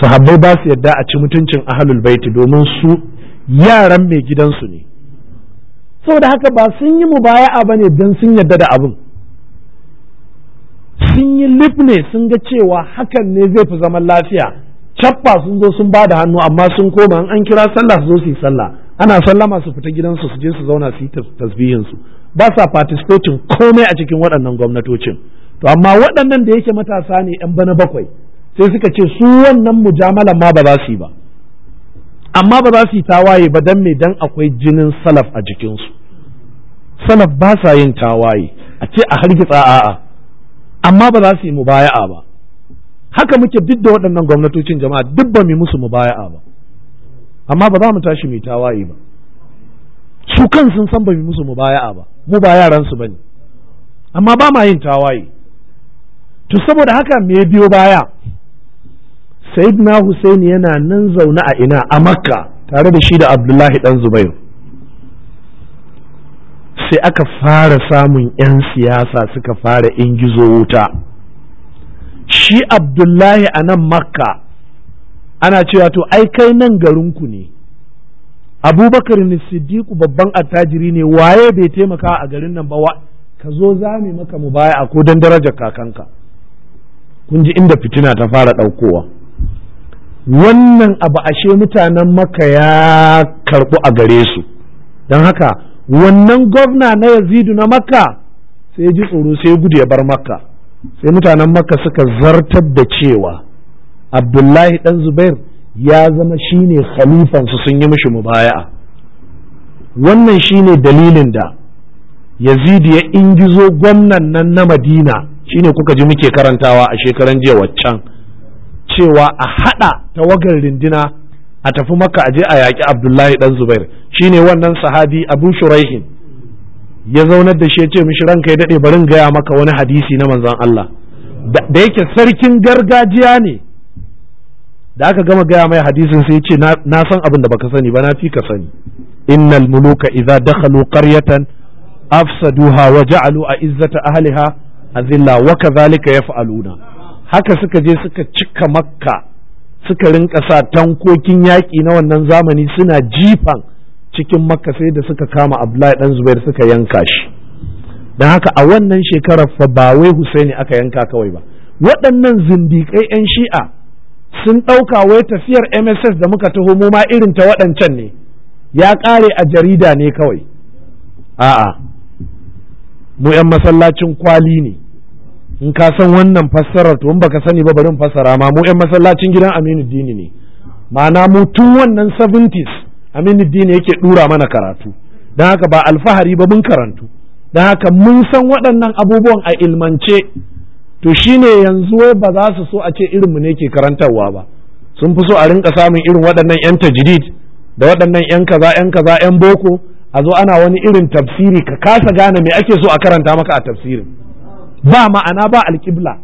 sahabbai ba su yadda a ci mutuncin ahalul baiti domin su yaran mai gidansu ne saboda haka ba sun yi mu mubaya'a ba ne don sun yadda da abin sun yi lif ne sun ga cewa hakan ne zai fi zaman lafiya cappa sun zo sun ba da hannu amma sun koma in an kira sallah su zo su yi sallah ana sallama su fita gidansu su je su zauna su yi tasbihin su ba sa participating komai a cikin waɗannan gwamnatocin to amma waɗannan da yake matasa ne yan bana bakwai sai suka ce su wannan mujamala ma ba za su yi ba amma ba za su yi tawaye ba dan me dan akwai jinin salaf a jikinsu salaf ba sa yin tawaye a ce a hargitsa a'a amma ba za su yi mubaya'a ba haka muke duk da waɗannan gwamnatocin jama'a duk ba mu musu mu mubaya'a ba amma ba za mu tashi mai tawaye ba su kan sun san ba mu musu mu mubaya'a ba mu ba yaran su bane amma ba ma yin tawaye to saboda haka me biyo baya sayyidina Husaini yana nan zaune a ina a Makka tare da shi da Abdullahi dan Zubair sai aka fara samun 'yan siyasa suka fara ingizo wuta shi abdullahi a nan makka ana cewa to ai kai nan garinku ne abubakar ne siddiqu babban attajiri ne waye bai taimaka a garin nan ba wa? ka zo za mu maka mu baya a ko dan darajar kakanka kun ji inda fitina ta fara ɗaukowa wannan abu ashe mutanen maka ya karɓu a gare su don haka wannan gwamna na yazidu na makka sai ya ji tsoro sai ya gudu ya bar makka sai mutanen makka suka zartar da cewa abdullahi ɗan zubair ya zama shine khalifansu sun yi mishi mubaya wannan shine dalilin da yazidi ya ingizo gwamnan nan na madina shine kuka ji muke karantawa a shekaran jiya waccan cewa a haɗa tawagar rindina a tafi makka a je a yaƙi abdullahi ɗan zubair shine wannan sahabi abu shuraihin ya zaunar da shi ya ce mishi ranka ya daɗe barin gaya maka wani hadisi na manzon Allah da yake sarkin gargajiya ne da aka gama gaya mai hadisin sai ya ce na san abin da baka sani ba na fi ka sani innal muluka idza dakhalu qaryatan afsaduha wa ja'alu a'izzata ahliha azilla wa kadhalika yaf'aluna haka suka je suka cika makka suka rinka sa tankokin yaƙi na wannan zamani suna jifan cikin makka sai da suka kama abdullahi dan zubair suka yanka shi don haka a wannan shekarar fa ba wai husaini aka yanka kawai ba waɗannan zindiƙai 'yan shi'a sun ɗauka wai tafiyar mss da muka taho mu ma irin ta waɗancan ne ya ƙare a jarida ne kawai a'a mu 'yan masallacin kwali ne in ka san wannan fassarar to in baka sani ba bari fassara ma mu 'yan masallacin gidan aminu dini ne ma'ana mu tun wannan 70s Aminuddin yake dura mana karatu don haka ba alfahari ba mun karantu don haka mun san waɗannan abubuwan a ilmance to shine yanzu wai ba za su so a ce irinmu ne ke karantarwa ba sun fi so a rinka samun irin waɗannan 'yan tajirid da waɗannan 'yan kaza 'yan kaza 'yan boko a zo ana wani irin tafsiri ka kasa gane me ake so a karanta maka a tafsirin ba ma'ana ba alƙibla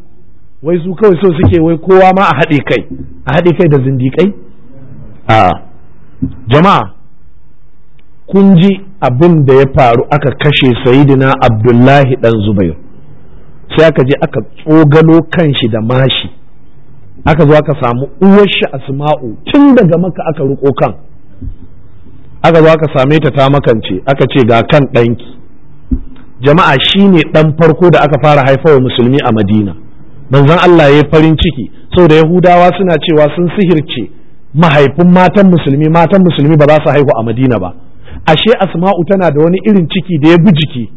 wai su kawai so suke wai kowa ma a haɗe kai a haɗe kai da zindiƙai A'a. jama'a kun ji abin da ya faru aka kashe sayidina abdullahi dan zubair sai aka je aka tsogalo kan shi da mashi aka zo aka samu uwarshi asma'u tun daga maka aka ruko kan aka zo aka same ta ta makance aka ce ga kan ɗanki jama'a shine ɗan farko da aka fara haifawa musulmi a madina manzon Allah ya farin ciki saboda yahudawa suna cewa sun sihirce mahaifin matan musulmi matan musulmi ba za su haihu a madina ba ashe asma'u tana da wani irin ciki da ya bi jiki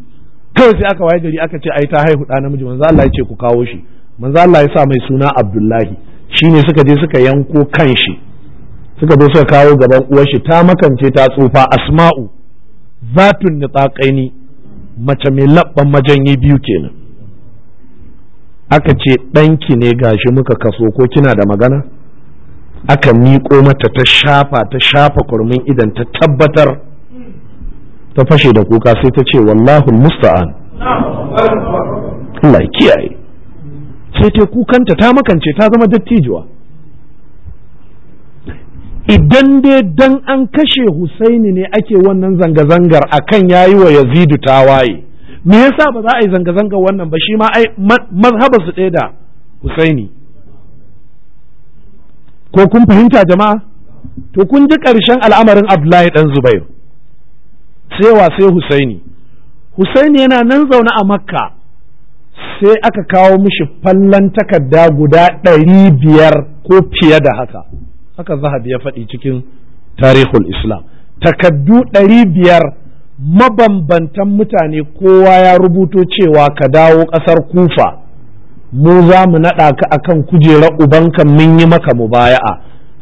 kawai sai aka waye gari aka ce ai ta haihu ɗa namiji manzo Allah ya ce ku kawo shi manzo Allah ya sa mai suna Abdullahi Shi ne suka je suka yanko kan shi suka zo suka kawo gaban uwar shi ta makance ta tsufa asma'u zatun nitaqaini mace mai labban majanyi biyu kenan aka ce ɗanki ne gashi muka kaso ko kina da magana aka miƙo mata ta shafa ta shafa kurmin idan ta tabbatar ta fashe da kuka sai ta ce wallahu musta'an Allah kiyaye sai ta kukanta ta makance ta zama dattijuwa idan dai dan an kashe Husaini ne ake wannan zanga-zangar akan yayi wa Yazidu waye me yasa ba za a yi zanga-zangar wannan ba shi ma ai mazhabarsu ɗaya da Husaini ko kun fahimta jama'a to kun ji ƙarshen al'amarin abdullahi ɗan zubair wa sai husaini husaini yana nan zaune a makka sai aka kawo mishi fallon takarda guda ɗari biyar ko fiye da haka haka zahabi ya faɗi cikin tarihul islam takaddu ɗari biyar mabambantan mutane kowa ya rubuto cewa ka dawo ƙasar kufa mu za mu naɗa ka akan kujerar ubanka mun yi maka mubaya'a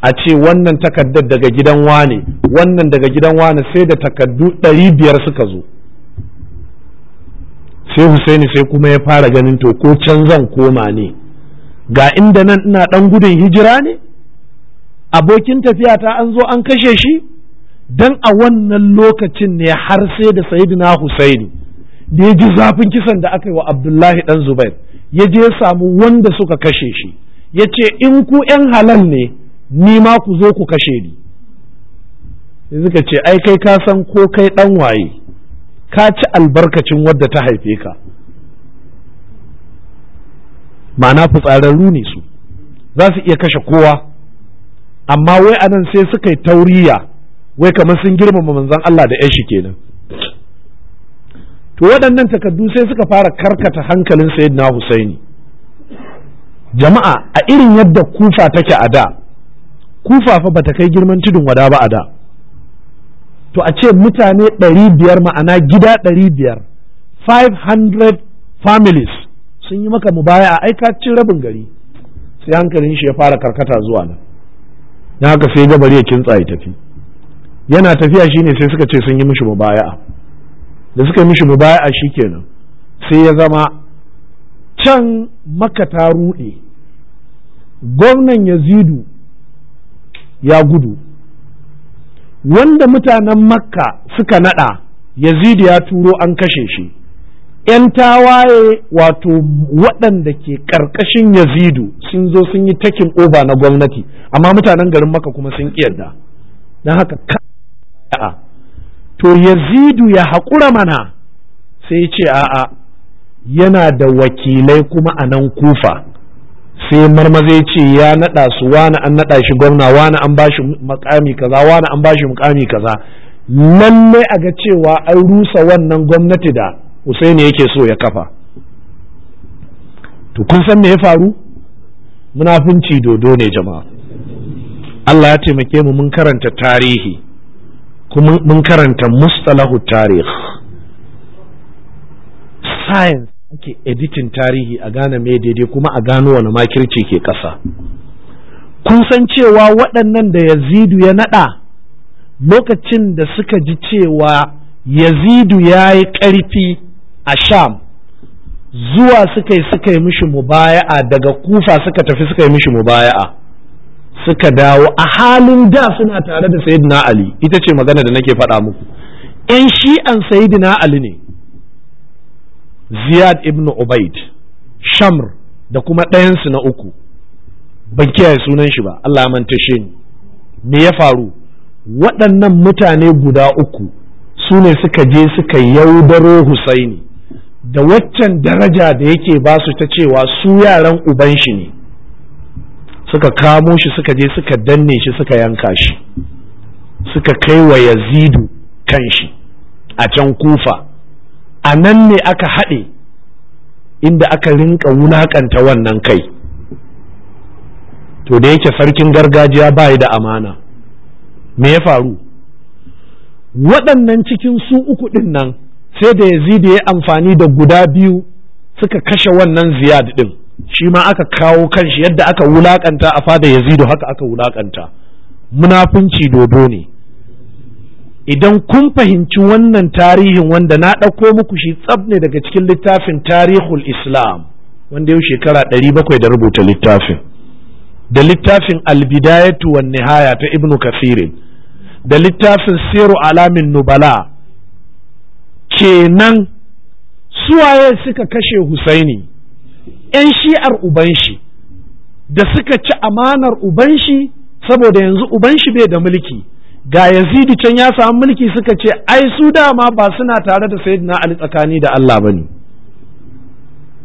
a ce wannan takardar daga gidan wane wannan daga gidan wane sai da takaddu ɗari biyar suka zo sai Husaini sai kuma ya fara ganin to ko can zan koma ne ga inda nan ina ɗan gudun hijira ne abokin tafiya ta an zo an kashe shi dan a wannan lokacin ne har sai da Sayyidina Husaini da ya ji zafin kisan da aka yi wa Abdullahi ɗan Zubair ya je ya samu wanda suka kashe shi ya ce in ku ‘yan halal ne ni ma ku zo ku kashe ni sai suka ce ai kai ka san ko kai ɗan waye ka ci albarkacin wadda ta haife ka ma'ana fitsararru ne su za su iya kashe kowa amma wai anan sai suka yi tauriya wai kamar sun girmama manzon Allah da ‘yan shi kenan to waɗannan takardu sai suka fara karkata hankalin sayyidina husaini jama'a a irin yadda kufa take a da kufa fa bata kai girman tudun wada ba a da to a ce mutane ɗari biyar ma'ana gida ɗari biyar 500 families sun yi maka mubaya a aikacin rabin gari sai hankalin shi ya fara karkata zuwa nan na haka sai gabar ya kintsa ya tafi yana tafiya shine sai suka ce sun yi mishi mubaya'a da suka mishi shi kenan sai ya zama can maka ta ruɗe gwamnan yazidu ya gudu wanda mutanen makka suka nada yazidu ya turo an kashe shi ‘yan tawaye wato waɗanda ke ƙarƙashin yazidu sun zo sun yi takin oba na gwamnati amma mutanen garin maka kuma sun ƙiyarda don haka ka to yazidu ya haƙura mana sai ce a'a yana da wakilai kuma a nan kufa sai marmaza ce ya naɗa su wani an naɗa shi gwamna wani an bashi makami kaza wani an bashi mukami kaza lallai a ga cewa an rusa wannan gwamnati da Usaini yake so ya kafa to kun san me ya faru munafinci dodo ne jama'a Allah ya taimake mu mun karanta tarihi kuma mun karanta mustalahu tarih science ake editin tarihi a gane mai daidai kuma a gano wani makirci ke ƙasa kun san cewa waɗannan da yazidu ya naɗa lokacin da suka ji cewa yazidu ya yi ƙarfi a sham zuwa suka yi suka yi mishi mubaya'a daga kufa suka tafi suka yi mishi mubaya'a suka dawo a halin da suna tare da sayyidina ali ita ce magana da nake faɗa muku yan shi'an sayyidina ali ne ziyad ibn ubaid shamr da kuma ɗayansu na uku ban kiyaye sunan shi ba Allah ya mantashe ni me ya faru waɗannan mutane guda uku su ne suka je suka yaudaro Husaini da waccan daraja da yake ba su ta cewa su yaran uban shi ne suka kamo shi suka je suka danne shi suka yanka shi suka kai wa yazidu kan shi a can kufa a nan ne aka haɗe inda aka rinka wulaƙanta wannan kai to da yake sarkin gargajiya ba da amana me ya faru waɗannan cikin su uku ɗin nan sai da yazidu ya yi amfani da guda biyu suka kashe wannan ziyad ɗin shi ma aka kawo kanshi yadda aka wulakanta a fada yazidu haka aka wulakanta munafunci dodo ne idan kun fahimci wannan tarihin wanda na ɗauko muku shi tsab ne daga cikin littafin tarihul islam wanda yau shekara ɗari bakwai da rubuta littafin da littafin albidayatu wan nihaya ta ibnu kafirin da littafin siru alamin nubala kenan suwaye suka kashe husaini 'yan shi'ar ubanshi da suka ci amanar ubanshi saboda yanzu ubanshi bai da mulki ga Yazidu can ya samu mulki suka ce ai su dama ba suna tare da sayyidina ali tsakani da Allah ba ne.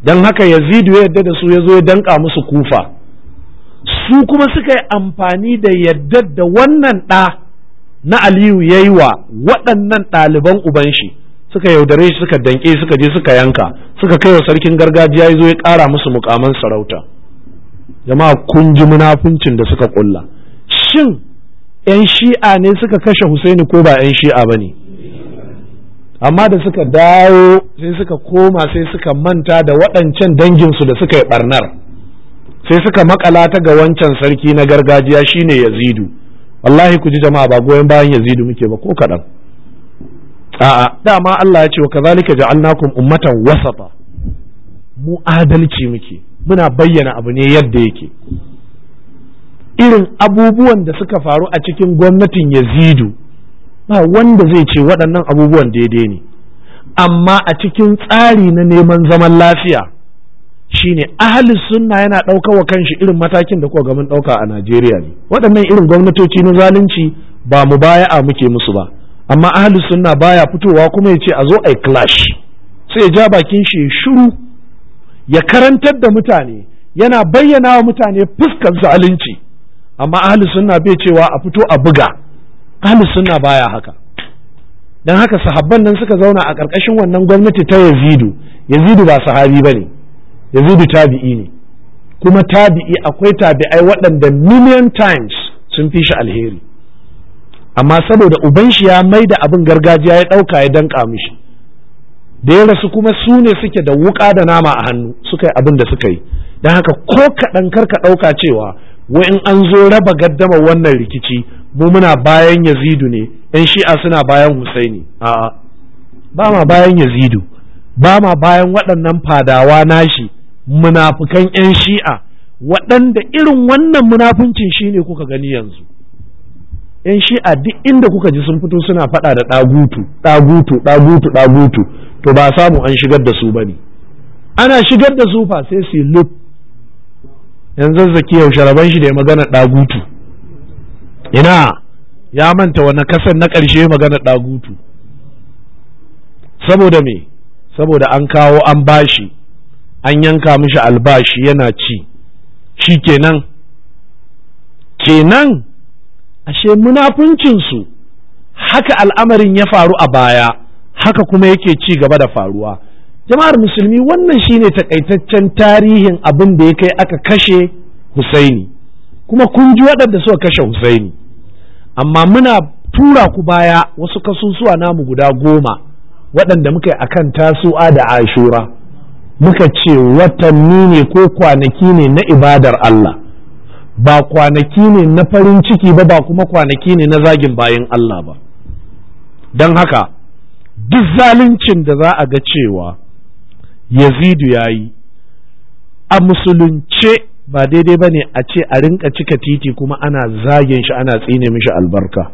Don haka yazidu ya yadda da su ya zo ya danka musu kufa su kuma suka yi amfani da yadda da wannan ɗa na aliyu ya yi wa waɗannan ɗaliban ubanshi shi suka yaudare shi suka danke suka je suka yanka suka kai wa sarkin gargajiya ya zo ya ƙara musu mukaman sarauta jama'a kun ji munafuncin da suka kulla shin 'yan shi'a ne suka kashe husaini ko ba 'yan shi'a ba ne amma da suka dawo sai suka koma sai suka manta da waɗancan danginsu da suka yi ɓarnar sai suka makala ta ga wancan sarki na gargajiya shine yazidu wallahi ku ji jama'a ba goyon bayan yazidu muke ba ko kaɗan a'a dama Allah ya ce wa kazalika ja'alnakum ummatan wasata mu adalci muke muna bayyana abu ne yadda yake irin abubuwan da suka faru a cikin gwamnatin Yazidu ba wanda zai ce waɗannan abubuwan daidai ne amma a cikin tsari na neman zaman lafiya shine ahli sunna yana ɗaukar wa kanshi irin matakin da kuka ga mun ɗauka a Najeriya ne waɗannan irin gwamnatoci na zalunci ba mu baya a muke musu ba amma ahli sunna baya fitowa kuma ya ce a zo ai clash sai ya ja bakin shi shiru ya karantar da mutane yana bayyana wa mutane fuskar zalunci amma ahli sunna bai cewa a fito a buga ahli sunna baya haka dan haka sahabban nan suka zauna a ƙarƙashin wannan gwamnati ta Yazidu Yazidu ba sahabi bane Yazidu tabi'i ne kuma tabi'i akwai tabi'ai waɗanda million times sun fi shi alheri amma saboda uban shi ya mai da abin gargajiya ya ɗauka ya danka mishi da ya rasu kuma su ne suke da wuƙa da nama a hannu suka yi abin da suka yi don haka ko kaɗan karka ɗauka cewa wai in an zo raba gaddama wannan rikici mu muna bayan yazidu ne yan shi'a suna bayan husaini a'a ba ma bayan yazidu ba ma bayan waɗannan fadawa nashi munafukan yan shi'a waɗanda irin wannan munafuncin shine kuka gani yanzu yan shi'a duk inda kuka ji sun fito suna faɗa da ɗagutu ɗagutu ɗagutu ɗagutu to ba samu an shigar da su ba ne ana shigar da su fa sai su yi lup yanzu zaki yau sharaban shi da ya magana ɗagutu ina ya manta wani kasan na ƙarshe magana ɗagutu saboda me saboda an kawo an bashi an yanka mishi albashi yana ci shi kenan kenan ashe munafuncinsu haka al'amarin ya faru a baya haka kuma yake ci gaba da faruwa jama'ar musulmi wannan shine takaitaccen tarihin abin da ya kai aka kashe husaini kuma kun ji waɗanda suka kashe husaini amma muna tura ku baya wasu kasusuwa namu guda goma waɗanda muka yi akan tasu'a da ashura muka ce watanni ne ko kwanaki ne na ibadar Allah ba kwanaki ne na farin ciki ba ba kuma kwanaki ne na zagin bayan Allah ba don haka duk zaluncin da za a ga cewa yazidu ya yi a musulunce ba daidai ba ne a ce a rinka cika titi kuma ana zagin shi ana tsine mishi albarka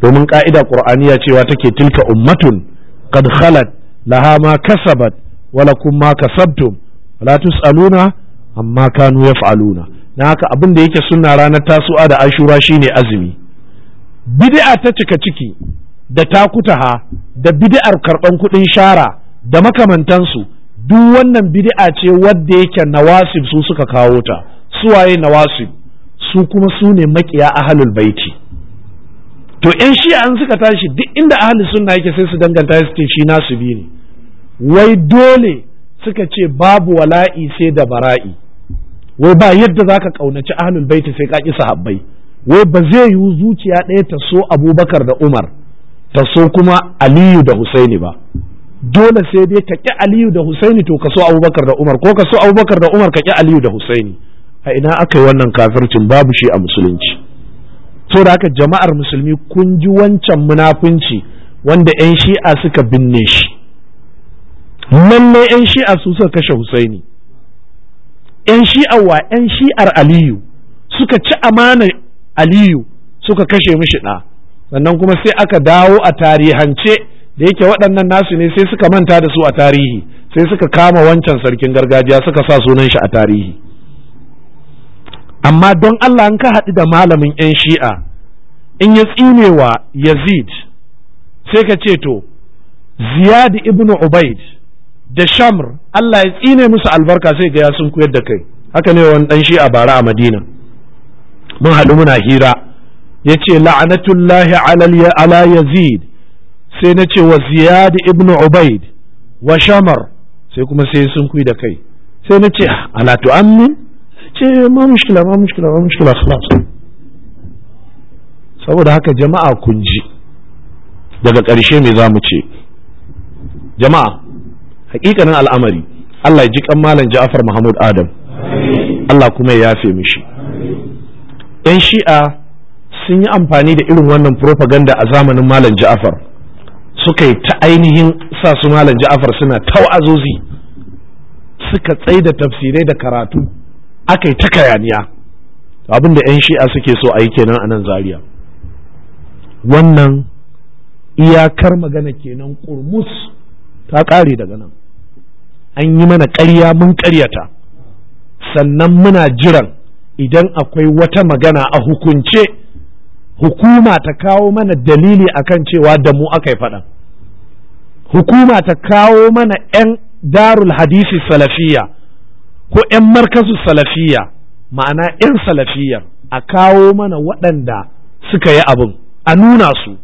domin ka'ida ƙur'aniya cewa take tilka ummatun kad khalat laha ma kasabat wala kuma kasabtum la tusaluna amma kanu yaf'aluna na haka abin da yake suna ranar tasu'a da ashura shine azumi bid'a ta cika ciki da takutaha da bid'ar karban kuɗin shara da makamantansu duk wannan bid'a ce wadda yake nawasib su suka kawo ta suwaye nawasib su kuma su ne makiya ahlul baiti to yan shi an suka tashi duk inda ahlus sunna yake sai su danganta su ce shi nasu ne wai dole suka ce babu wala'i sai da bara'i wai ba yadda zaka kaunaci ahlul baiti sai ka ki sahabbai wai ba zai yiwu zuciya ɗaya ta so abubakar da umar ta so kuma aliyu da husaini ba dole sai dai ka ƙi aliyu da husaini to ka so abubakar da umar ko ka so abubakar da umar ka ƙi aliyu da husaini a ina aka yi wannan kafircin babu shi a musulunci to da haka jama'ar musulmi kun ji wancan munafunci wanda 'yan shi'a suka binne shi nan 'yan shi'a su suka kashe husaini 'yan shi'awa 'yan shi'ar aliyu suka ci amanar aliyu suka kashe mishi ɗa sannan kuma sai aka dawo a tarihance da yake waɗannan nasu ne sai suka manta da su a tarihi sai suka kama wancan sarkin gargajiya suka sa sunan shi a tarihi amma don Allah an ka haɗu da malamin 'yan shi'a in ya wa yazid sai ka ce to ziyad ibn ubaid da shamr Allah ya tsine musu albarka sai ga ya sun koyar da kai haka ne wani dan shi a bara a Madina mun haɗu muna hira yace la'anatullahi ala yazid sai na ce wa ziyad ibn ubaid wa shamar sai kuma sai sun kui da kai sai na ce ala tu'ammin ce ma mushkila ma mushkila ma mushkila khalas saboda haka jama'a kun ji daga ƙarshe me za mu ce jama'a hakikanin al'amari Allah ji kan malam Ja'far Mahmud Adam Allah kuma ya yafe mishi yan shi'a sun yi amfani da irin wannan propaganda a zamanin malam Ja'far suka yi ta ainihin sa su malam Ja'far suna tawazozi suka tsaida tafsirai da karatu aka yi ta kayaniya abin da yan shi'a suke so a yi kenan a nan zaria wannan iyakar magana kenan kurmus ta ƙare daga nan an yi mana ƙarya mun ƙaryata sannan muna jiran idan akwai wata magana a hukunce hukuma ta kawo mana dalili akan cewa da mu aka yi faɗan hukuma ta kawo mana 'yan darul hadisi salafiya ko 'yan markazu salafiya ma'ana 'yan salafiyar a kawo mana waɗanda suka yi abin a nuna su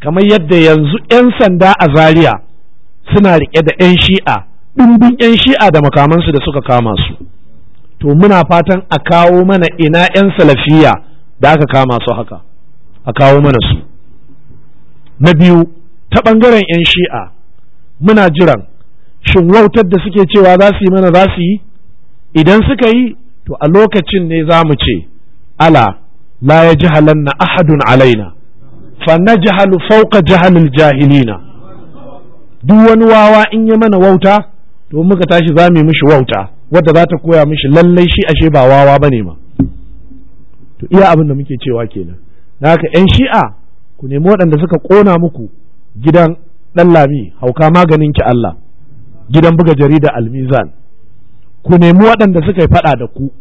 kamar yadda yanzu 'yan sanda a Zariya suna riƙe da 'yan shi'a Ɗumbin 'yan shi'a da makamansu da suka kama su to muna fatan a kawo mana ina 'yan salafiya da aka kama su haka a kawo mana su na biyu ta ɓangaren 'yan shi'a muna jiran shin wautar da suke cewa za su yi mana za su yi idan suka yi to a lokacin ne za mu ce ala la ya halanna ahadun alaina fa na jihalu fauka jihalin jahilina duk wani wawa in ya mana wauta to muka tashi za mu yi mishi wauta wadda za ta koya mishi lallai shi ashe ba wawa ba ne ma to iya abin da muke cewa kenan da haka yan shi'a ku nemi waɗanda suka ƙona muku gidan ɗan lami hauka maganin ki Allah gidan buga jarida almizan ku nemi waɗanda suka yi faɗa da ku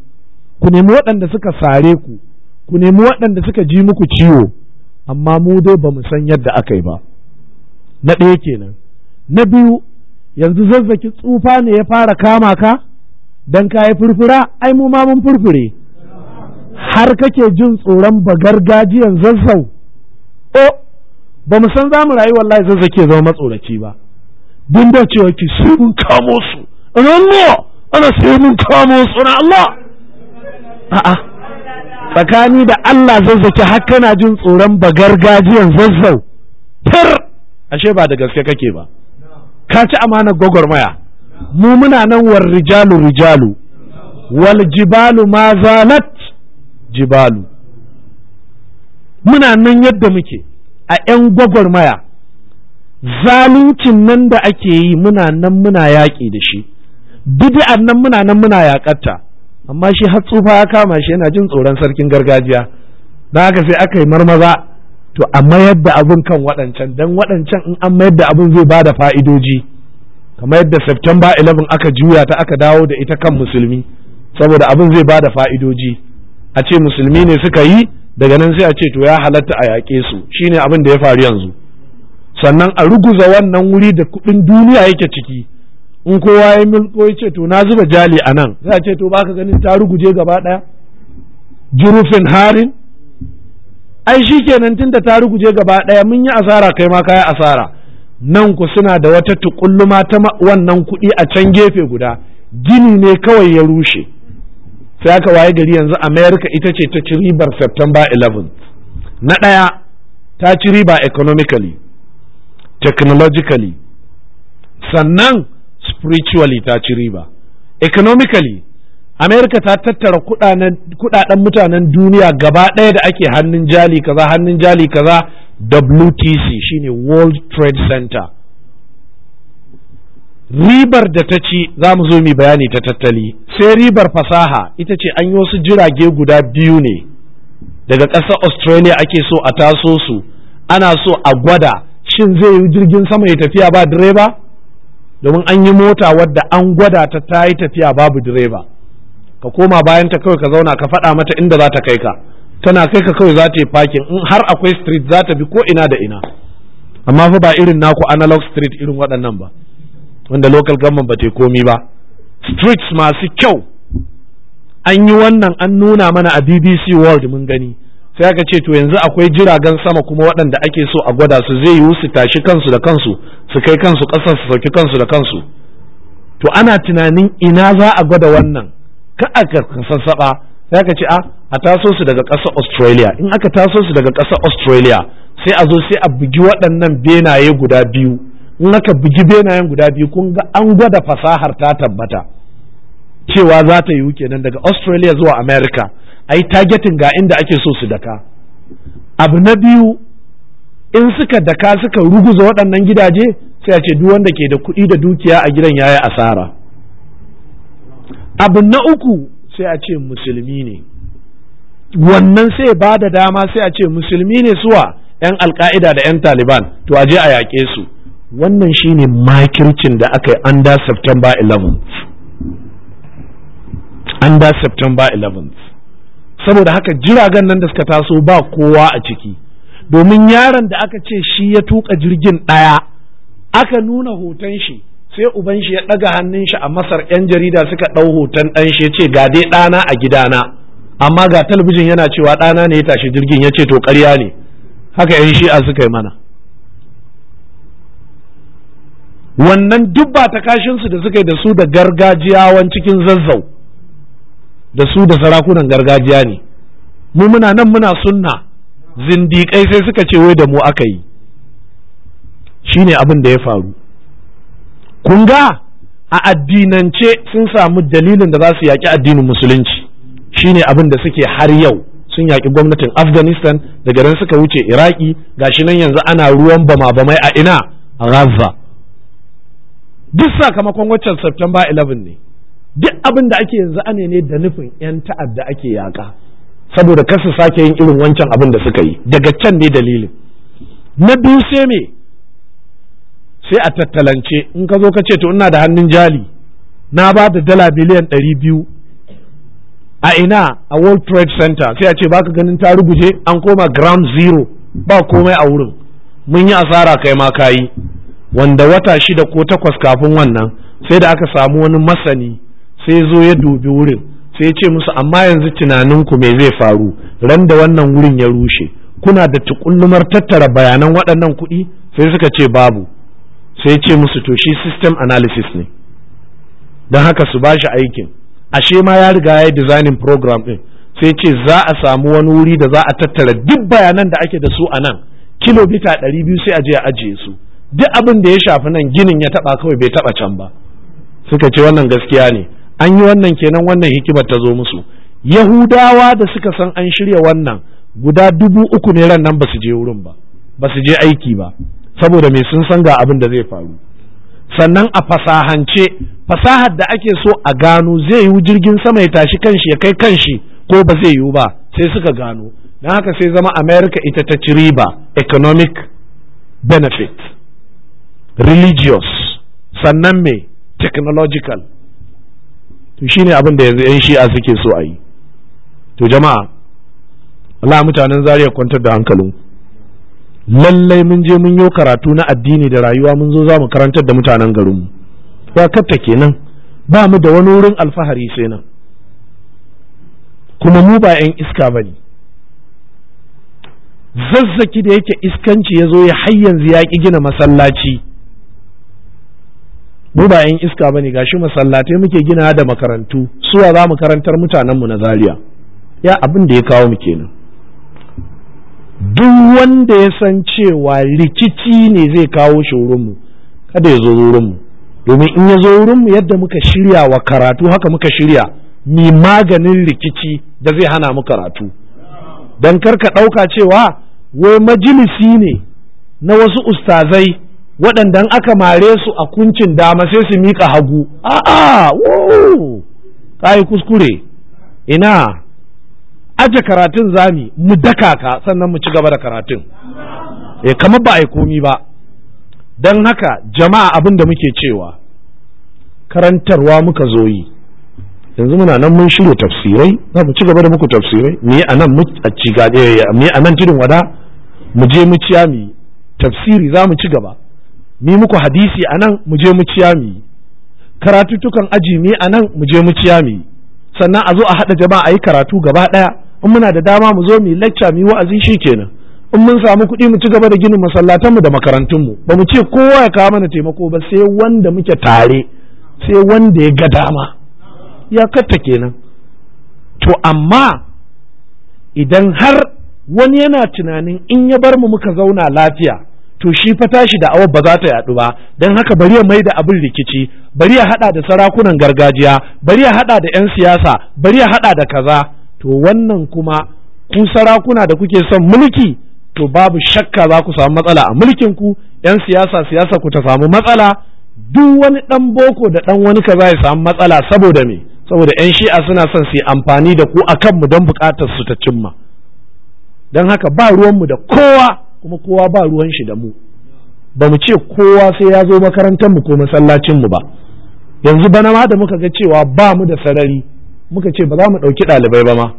ku nemi waɗanda suka sare ku ku nemi waɗanda suka ji muku ciwo amma mu dai ba san yadda aka yi ba na ɗaya kenan na biyu yanzu zazzaki tsufa ne ya fara kama ka don ka yi furfura ai mu ma mun furfure har kake jin tsoron bagargajiyan zazzau o ba mu san za mu rayu wallahi zazzaki ya zama matsoraci ba din da cewa ki sai mun kamo su Allah ana sai mun kamo su na Allah a'a tsakani da Allah zazzaki har kana jin tsoron bagargajiyan zazzau fir. ashe ba da gaske kake ba ka ci amanar gwagwarmaya mu muna nan war rijalu rijalu wal jibalu ma zalat jibalu muna nan yadda muke a 'yan gwagwarmaya zaluncin nan da ake yi muna nan muna yaƙi da shi bid'an nan muna nan muna yaƙarta amma shi har tsufa ya kama shi yana jin tsoron sarkin gargajiya da haka sai aka yi marmaza to a mayar da abin kan waɗancan don waɗancan in an mayar da abin zai ba da fa'idoji kamar yadda september 11 aka juya ta aka dawo da ita kan musulmi saboda abin zai ba da fa'idoji a ce musulmi ne suka yi daga nan sai a ce to ya halatta a yaƙe su shine abin da ya faru yanzu sannan a ruguza wannan wuri da kuɗin duniya yake ciki in kowa ya milko ya ce to na zuba jali a nan sai a ce to baka ganin ta ruguje gaba ɗaya jurufin harin ai tun tunda ta ruguje gaba ɗaya mun yi asara kai ma kai asara nan ku suna da wata tukulluma ta wannan kuɗi a can gefe guda gini ne kawai ya rushe sai aka waye gari yanzu america ita ce ta ci ribar september 11 na ɗaya ta ci riba economically technologically sannan spiritually ta ci riba economically amerika ta tattara kudaden mutanen duniya gaba ɗaya da ake hannun jali kaza hannun jali kaza wtc shine world trade center ribar da ta ci za mu zo mu bayani ta tattali sai ribar fasaha ita ce an yi wasu jirage guda biyu ne daga ƙasar australia ake so a taso su ana so a gwada shin zai yi jirgin sama ya tafiya ba direba domin an yi mota wadda an gwada ta ta yi tafiya babu direba ka koma bayan ta kawai ka zauna ka faɗa mata inda za ta kai ka tana kai ka kawai za ta yi fakin in har akwai street za ta bi ko ina da ina amma fa ba irin naku analog street irin waɗannan ba wanda local government ba ta komi ba streets masu kyau an yi wannan an nuna mana a BBC World mun gani sai aka ce to yanzu akwai jiragen sama kuma waɗanda ake so a gwada su zai yiwu su tashi kansu da kansu su kai kansu ƙasar su sauki kansu da kansu to ana tunanin ina za a gwada wannan ka aka sassaɓa sai ka ce a ah, a taso su daga ƙasar australia in aka taso su daga ƙasar australia sai a zo sai a bugi waɗannan benaye guda biyu in aka bugi benayen guda biyu kun ga an gwada fasahar ta tabbata cewa za ta yiwu kenan daga australia zuwa america a yi targetin ga inda ake so su daka abu na biyu in suka daka suka ruguza waɗannan gidaje sai a ce duk wanda ke da kuɗi da dukiya a gidan yayi asara abu na uku sai a ce musulmi ne wannan sai ba da dama sai a ce musulmi ne suwa 'yan alka'ida da 'yan taliban to a je a yaƙe su wannan shine makircin da aka yi under september 11th under september 11th saboda haka jiragen nan da suka taso ba kowa a ciki domin yaron da aka ce shi ya tuka jirgin ɗaya aka nuna hoton shi sai uban shi ya ɗaga hannun shi a masar yan jarida suka ɗau hoton ɗan shi ya ce ga dai ɗana a gidana amma ga talabijin yana cewa ɗana ne ya tashi jirgin ya ce to ƙarya ne haka yan shi'a suka yi mana wannan duk ba ta kashinsu da suka yi da su da gargajiyawan cikin zazzau da su da sarakunan gargajiya ne mu muna nan muna sunna zindiƙai sai suka ce wai da mu aka yi shine abin da ya faru kun ga a addinance sun samu dalilin da za su yaƙi addinin musulunci shine abin da suke har yau sun yaƙi gwamnatin afghanistan daga nan suka wuce iraki ga shi nan yanzu ana ruwan bama-bamai a ina a duk sakamakon waccan september 11 ne duk abin da ake yanzu ane ne da nufin 'yan ta'adda ake yaƙa saboda kar su sake yin irin wancan abin da suka yi daga can ne dalilin na biyu sai me sai a tattalance in ka zo ka ce to ina da hannun jali na ba da dala biliyan ɗari biyu a ina a world trade center sai a ce baka ganin ta ruguje an koma gram zero ba komai a wurin mun yi asara kai ma ka yi. wanda wata shida ko takwas kafin wannan sai da aka samu wani masani sai zo ya dubi wurin sai ce musu amma yanzu tunaninku me zai faru ran da wannan wurin ya rushe kuna da tukullumar tattara bayanan waɗannan kuɗi sai suka ce babu sai ce musu to shi system analysis ne don haka su ba shi aikin ashe ma ya riga ya yi designing program ɗin sai ce za a samu wani wuri da za a tattara duk bayanan da ake da su a nan kilomita ɗari biyu sai a je a ajiye su duk abin da ya shafi nan ginin ya taɓa kawai bai taɓa can ba suka ce wannan gaskiya ne an yi wannan kenan wannan hikimar ta zo musu yahudawa da suka san an shirya wannan guda dubu uku ne ran nan ba su je wurin ba ba su je aiki ba saboda me sun san ga abin da zai faru sannan a fasahance fasahar da ake so a gano zai yiwu jirgin sama ya tashi kanshi ya kai kanshi ko ba zai yiwu ba sai suka gano don haka sai zama america ita ta ci riba economic benefit religious sannan me technological to shine abin da yanzu 'yan shi'a suke so a yi to jama'a Allah mutanen zariya kwantar da hankalinku lallai mun je mun yi karatu na addini da rayuwa mun zo za mu karantar da mutanen garinmu wakatta kenan ba mu da wani wurin alfahari sai nan kuma mu ba 'yan iska ba zazzaki da yake iskanci ya zo ya har yanzu ya ƙi gina masallaci mu ba 'yan iska ba gashi masallatai muke gina da makarantu suwa za mu karantar mutanenmu na zaria ya abin da ya kawo mu kenan duk wanda ya san cewa rikici ne zai kawo shi wurinmu kada ya zo wurinmu domin in ya zo wurinmu yadda muka shirya wa karatu haka muka shirya mi maganin rikici da zai hana mu karatu don karka ɗauka cewa wai majalisi ne na wasu ustazai waɗanda aka mare su a kuncin dama sai su miƙa hagu a'a kai kuskure ina aje karatun zami mu daka ka sannan mu ci gaba da karatun eh kamar ba a yi komi ba don haka jama'a abin da muke cewa karantarwa muka zo yi yanzu muna nan mun shirya tafsirai za mu ci gaba da muku tafsirai mu a nan eh, a nan tudun wada mu je mu ciya mi tafsiri za mu ci gaba mu muku hadisi a nan mu je mu ciya karatu karatutukan aji mu a nan mu je mu ciya mi sannan a zo a haɗa jama'a a yi karatu gaba ɗaya in muna da dama mu zo mu yi lecture mu yi wa'azi kenan in mun samu kuɗi mu ci gaba da ginin masallatanmu da makarantunmu ba mu ce kowa ya kawo mana taimako ba sai wanda muke tare sai wanda ya ga dama ya katta kenan to amma idan har wani yana tunanin in ya bar mu muka zauna lafiya to shi fa tashi da awa ba za ta yaɗu ba don haka bari ya mai da abin rikici bari ya haɗa da sarakunan gargajiya bari ya haɗa da 'yan siyasa bari ya haɗa da kaza to wannan kuma ku sarakuna da kuke son mulki to babu shakka za ku samu matsala a mulkin ku yan siyasa siyasa ku ta samu matsala duk wani ɗan boko da dan wani kaza ya samu matsala saboda me saboda yan shi'a suna son su yi amfani da ku akan mu don bukatar su ta cimma don haka ba ruwanmu da kowa kuma kowa ba ruwan shi da mu ba mu ce kowa sai ya zo makarantar mu ko masallacin mu ba yanzu bana ma da muka ga cewa ba mu da sarari muka ce ba za mu ɗauki ɗalibai ba ma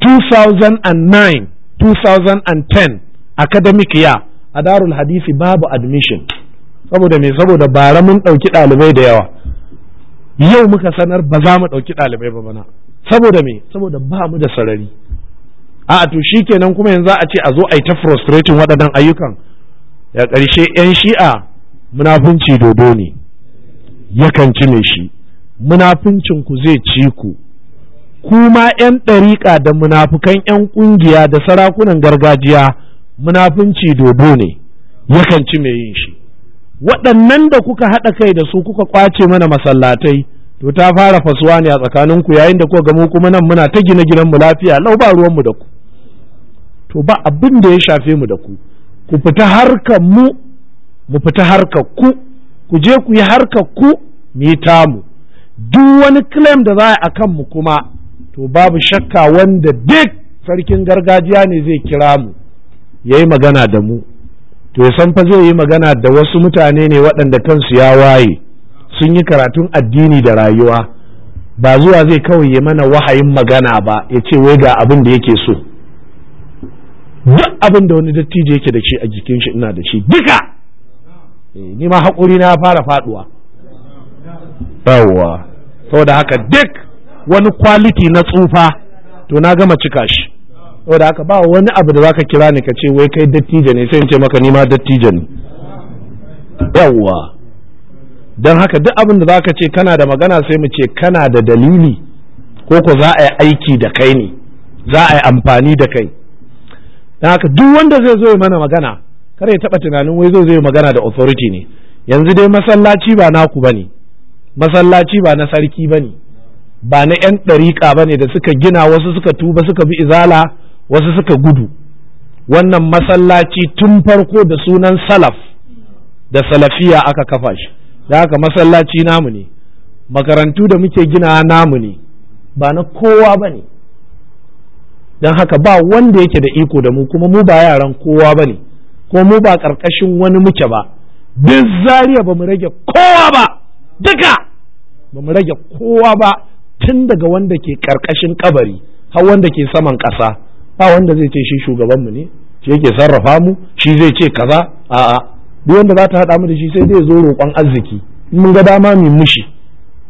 2009 2010 academic year a darul hadisi babu admission saboda me saboda bara mun ɗauki ɗalibai da yawa yau muka sanar ba za mu ɗauki ɗalibai ba bana saboda me saboda ba mu da sarari a to shi kenan kuma yanzu a ce a zo a yi ta frustrating waɗannan ayyukan ya ƙarshe 'yan shi'a munafunci dodo ne yakan ci mai shi munafincin ku zai ci ku kuma 'yan ɗariƙa da munafukan 'yan ƙungiya da sarakunan gargajiya munafunci dodo ne yakan ci mai yin shi waɗannan da kuka haɗa kai da su kuka ƙwace mana masallatai to ta fara fasuwa ne a tsakaninku yayin da kuka ga kuma nan muna ta gina gidan mu lafiya lau ba ruwanmu da ku to ba abin da ya shafe mu da ku ku fita harkar mu mu fita harkar ku ku je ku yi harkar ku mu yi tamu duk wani claim da za a kan mu kuma to babu shakka wanda duk sarkin gargajiya ne zai kira mu ya yi magana da mu to ya san fa zai yi magana da wasu mutane ne waɗanda kansu ya waye sun yi karatun addini da rayuwa ba zuwa zai kawai ya mana wahayin magana ba ya ce wai ga abin da yake so duk abin da wani dattijo yake da shi a jikin shi ina da shi duka eh, ni ma haƙuri na fara faɗuwa yawwa saboda haka duk wani kwaliti na tsufa to na gama cika shi saboda haka ba wani abu da zaka kira ni ka ce wai kai dattijo ne sai in ce maka ni ma dattijo ne yawwa don haka duk abin da zaka ce kana da magana sai mu ce kana da dalili ko ko za a yi aiki da kai ne za a yi amfani da kai don haka duk wanda zai zo mana magana kar ya taba tunanin wai zo zai magana da authority ne yanzu dai masallaci ba naku bane masallaci ba na sarki ba ne ba na 'yan ɗariƙa ba ne da suka gina wasu suka tuba suka bi izala wasu suka gudu wannan masallaci tun farko da sunan salaf da salafiya aka kafa shi da haka masallaci namu ne makarantu da muke gina namu ne ba na kowa ba ne don haka ba wanda yake da iko da mu kuma mu ba yaran kowa ba ne ko mu ba ƙarƙashin wani muke ba duk zariya ba mu rage kowa ba duka ba mu rage kowa ba tun daga wanda ke karkashin kabari har wanda ke saman ƙasa ba wanda zai ce shi mu ne shi yake sarrafa mu shi zai ce kaza a'a duk wanda za ta haɗa mu da shi sai zai zo roƙon arziki mun ga dama mu mushi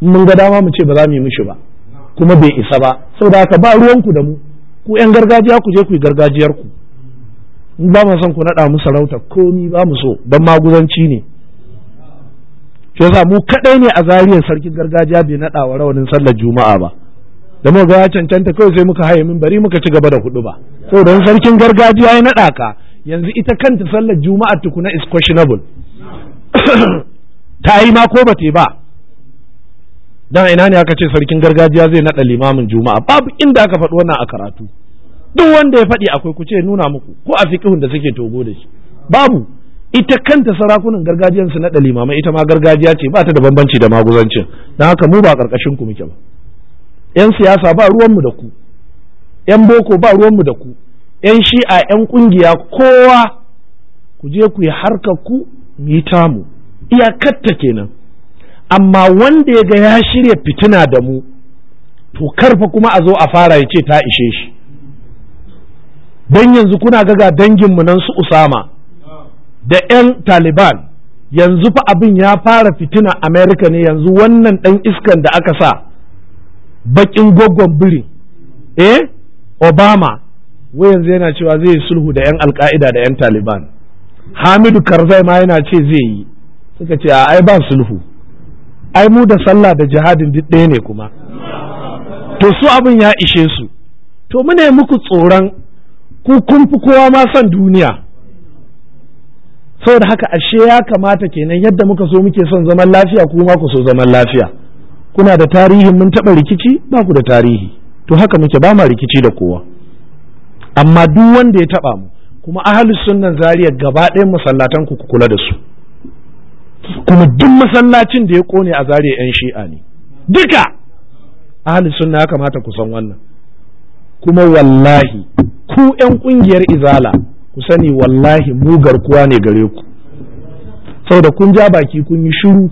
mun ga dama mu ce ba za mu yi mushi ba kuma bai isa ba saboda haka ba ruwanku da mu ku yan gargajiya ku je ku yi gargajiyar ku ba mu son ku naɗa mu sarauta komi ba mu so don maguzanci ne shi yasa mu kadai ne a zariyar sarkin gargajiya bai naɗa wa rawanin sallar juma'a ba da mu ga cancanta kawai sai muka haye min bari muka ci gaba da hudu ba saboda sarkin gargajiya ya nada ka yanzu ita kanta sallar juma'a tukuna is questionable ta yi ma ko bata ba dan ina ne aka ce sarkin gargajiya zai naɗa limamin juma'a babu inda aka faɗi wannan a karatu duk wanda ya faɗi akwai ku ce nuna muku ko a fiqhun da suke togo da shi babu ita kanta sarakunan gargajiyar su naɗa limamai ita ma gargajiya ce ba ta da bambanci da maguzancin don haka mu ba ƙarƙashin ku muke ba yan siyasa ba ruwanmu da ku yan boko ba ruwanmu da ku yan shi'a yan ƙungiya kowa ku je ku yi harkar ku mu yi tamu iyakarta kenan amma wanda ya ga ya shirya fitina da mu to karfa kuma a zo a fara ya ce ta ishe shi don yanzu kuna gaga danginmu nan su usama da 'yan taliban yanzu fa abin ya fara fitina amerika ne yanzu wannan ɗan iskan da aka sa bakin goggon biri? eh obama wai yanzu yana cewa zai yi sulhu da 'yan alka'ida da 'yan taliban hamidu karzai ma yana ce zai yi suka ce a ai ba sulhu ai mu da sallah da jihadin duk ɗaya ne kuma to su abin ya ishe su to mune muku tsoron ku kun fi kowa ma son duniya saboda haka ashe ya kamata kenan yadda muka so muke son zaman lafiya kuma ku so zaman lafiya kuna da tarihin mun taba rikici ba ku da tarihi to haka muke ba ma rikici da kowa amma duk wanda ya taba mu kuma ahlus sunnan zariya gaba ɗayan masallatan ku kula da su kuma duk masallacin da ya kone a zariya yan shi'a ne duka ahlus sunna ya kamata ku san wannan kuma wallahi ku yan ƙungiyar izala ku sani wallahi mu garkuwa ne gare ku saboda kun ja baki kun yi shiru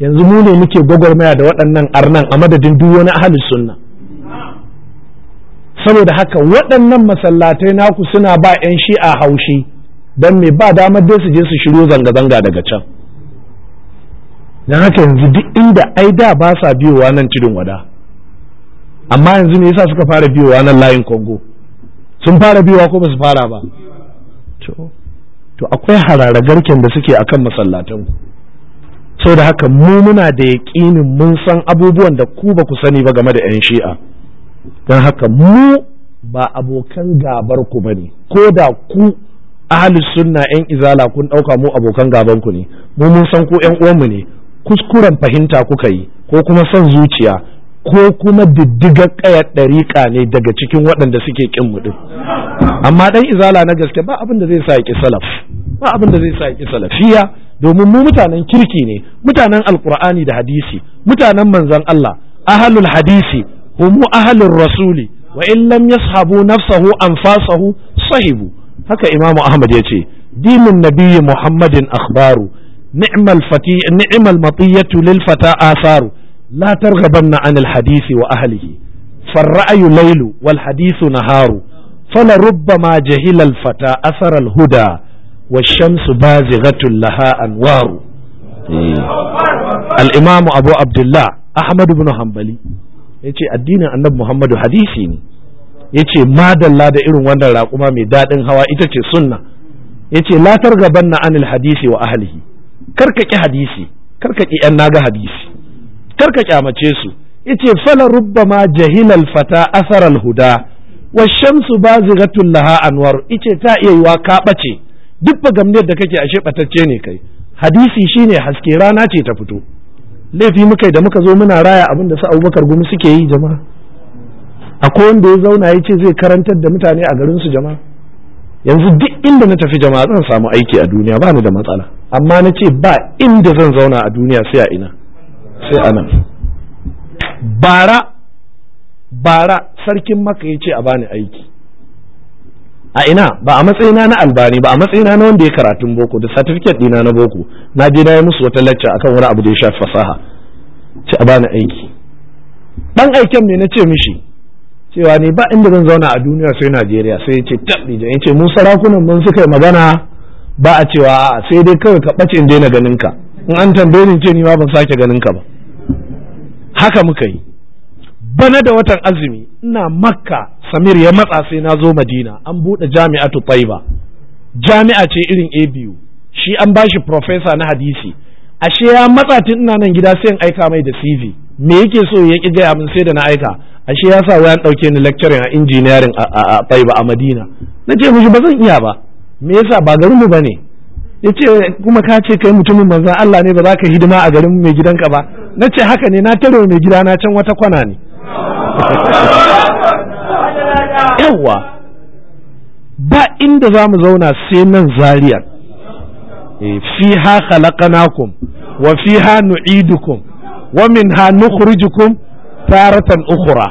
yanzu mu ne muke gwagwarmaya da waɗannan arnan a madadin duk wani ahalin sunna saboda haka waɗannan masallatai naku suna ba 'yan shi'a haushi don me ba damar dai su je su shiru zanga-zanga daga can don haka yanzu duk inda ai da ba sa biyowa nan tudun wada amma yanzu ne yasa suka fara biyowa nan layin kongo sun fara biyowa ko ba su fara ba to akwai harara garken da suke akan masallatan sau da haka mu muna da yaƙinin mun san abubuwan da ku ba ku sani ba game da 'yan shi'a don haka mu ba abokan gabar ku ba ne ko da ku ahli sunna 'yan izala kun ɗauka mu abokan gaban ku ne mu mun san ku 'yan uwanmu ne kuskuren fahimta kuka yi ko kuma son zuciya ko kuma diddigar ƙayar ɗariƙa ne daga cikin waɗanda suke ƙin mu amma ɗan izala na gaske ba abin da zai sa ki salaf ba abin da zai sa ki salafiya domin mu mutanen kirki ne mutanen Alƙur'ani da hadisi mutanen manzon Allah ahlul hadisi humu ahlur rasuli wa in lam yashabu nafsahu anfasahu sahibu haka imam ahmad ya ce dinin nabiyyi muhammadin akhbaru ni'mal fati ni'mal matiyatu lil fata asaru la targhabanna anil hadisi wa ahlihi farra'ayu lailu wal hadisu naharu fala rubbama jahila al fata asar huda wa shamsu bazighatun laha anwaru al imam abu abdullah ahmad ibn hanbali yace addinin annabi muhammadu hadisi ne yace madalla da irin wannan raƙuma mai daɗin hawa ita ce sunna yace la targabanna anil hadisi wa ahlihi karka ki hadisi karka ki yan naga hadisi kar ka kyamace su yace fala rubbama jahilal fata asaral huda wa shamsu bazighatul laha anwar yace ta iya yiwa ka bace duk gamniyar da kake ashe batacce ne kai hadisi shine haske rana ce ta fito laifi muka da muka zo muna raya abin da su abubakar gumi suke yi jama'a akwai wanda ya zauna ya ce zai karantar da mutane a garin su jama'a yanzu duk inda na tafi jama'a zan samu aiki a duniya ba ni da matsala amma na ce ba inda zan zauna a duniya sai a ina sai anan bara bara sarkin maka ya ce a bani aiki a ina ba a matsayina na albani ba a matsayina na wanda ya karatun boko da certificate dina na boko na je na yi musu wata lacca akan wani abu da ya shafi fasaha ce a bani aiki dan aiken me na ce mishi cewa ne ba inda zan zauna a duniya sai Najeriya sai ya ce tabbi da yace mu sarakunan mun suka yi magana ba a cewa sai dai kawai ka bace in daina ganin ka in an tambaye ni ce ni ma ban sake ganin ka ba haka muka yi bana da watan azumi ina makka samir ya matsa sai na zo madina an buɗe jami'atu taiba jami'a ce irin a biyu shi an bashi profesa na hadisi ashe ya matsa tun ina nan gida sai in aika mai da cv me yake so ya ki gaya min sai da na aika ashe ya sa wayan ɗauke ni lecturing a engineering a taiba a madina na ce bazan ba zan iya ba me yasa ba garinmu ba ne ya ce kuma ka ce kai mutumin manzan Allah ne ba za ka hidima a garin mai gidanka ba na ce haka ne na taro mai gida na can wata kwana ne yawwa ba inda za mu zauna sai nan zariyar eh, fiha khalaqnakum wa fiha nu'idukum wa min ha nukhrijukum taratan ukhra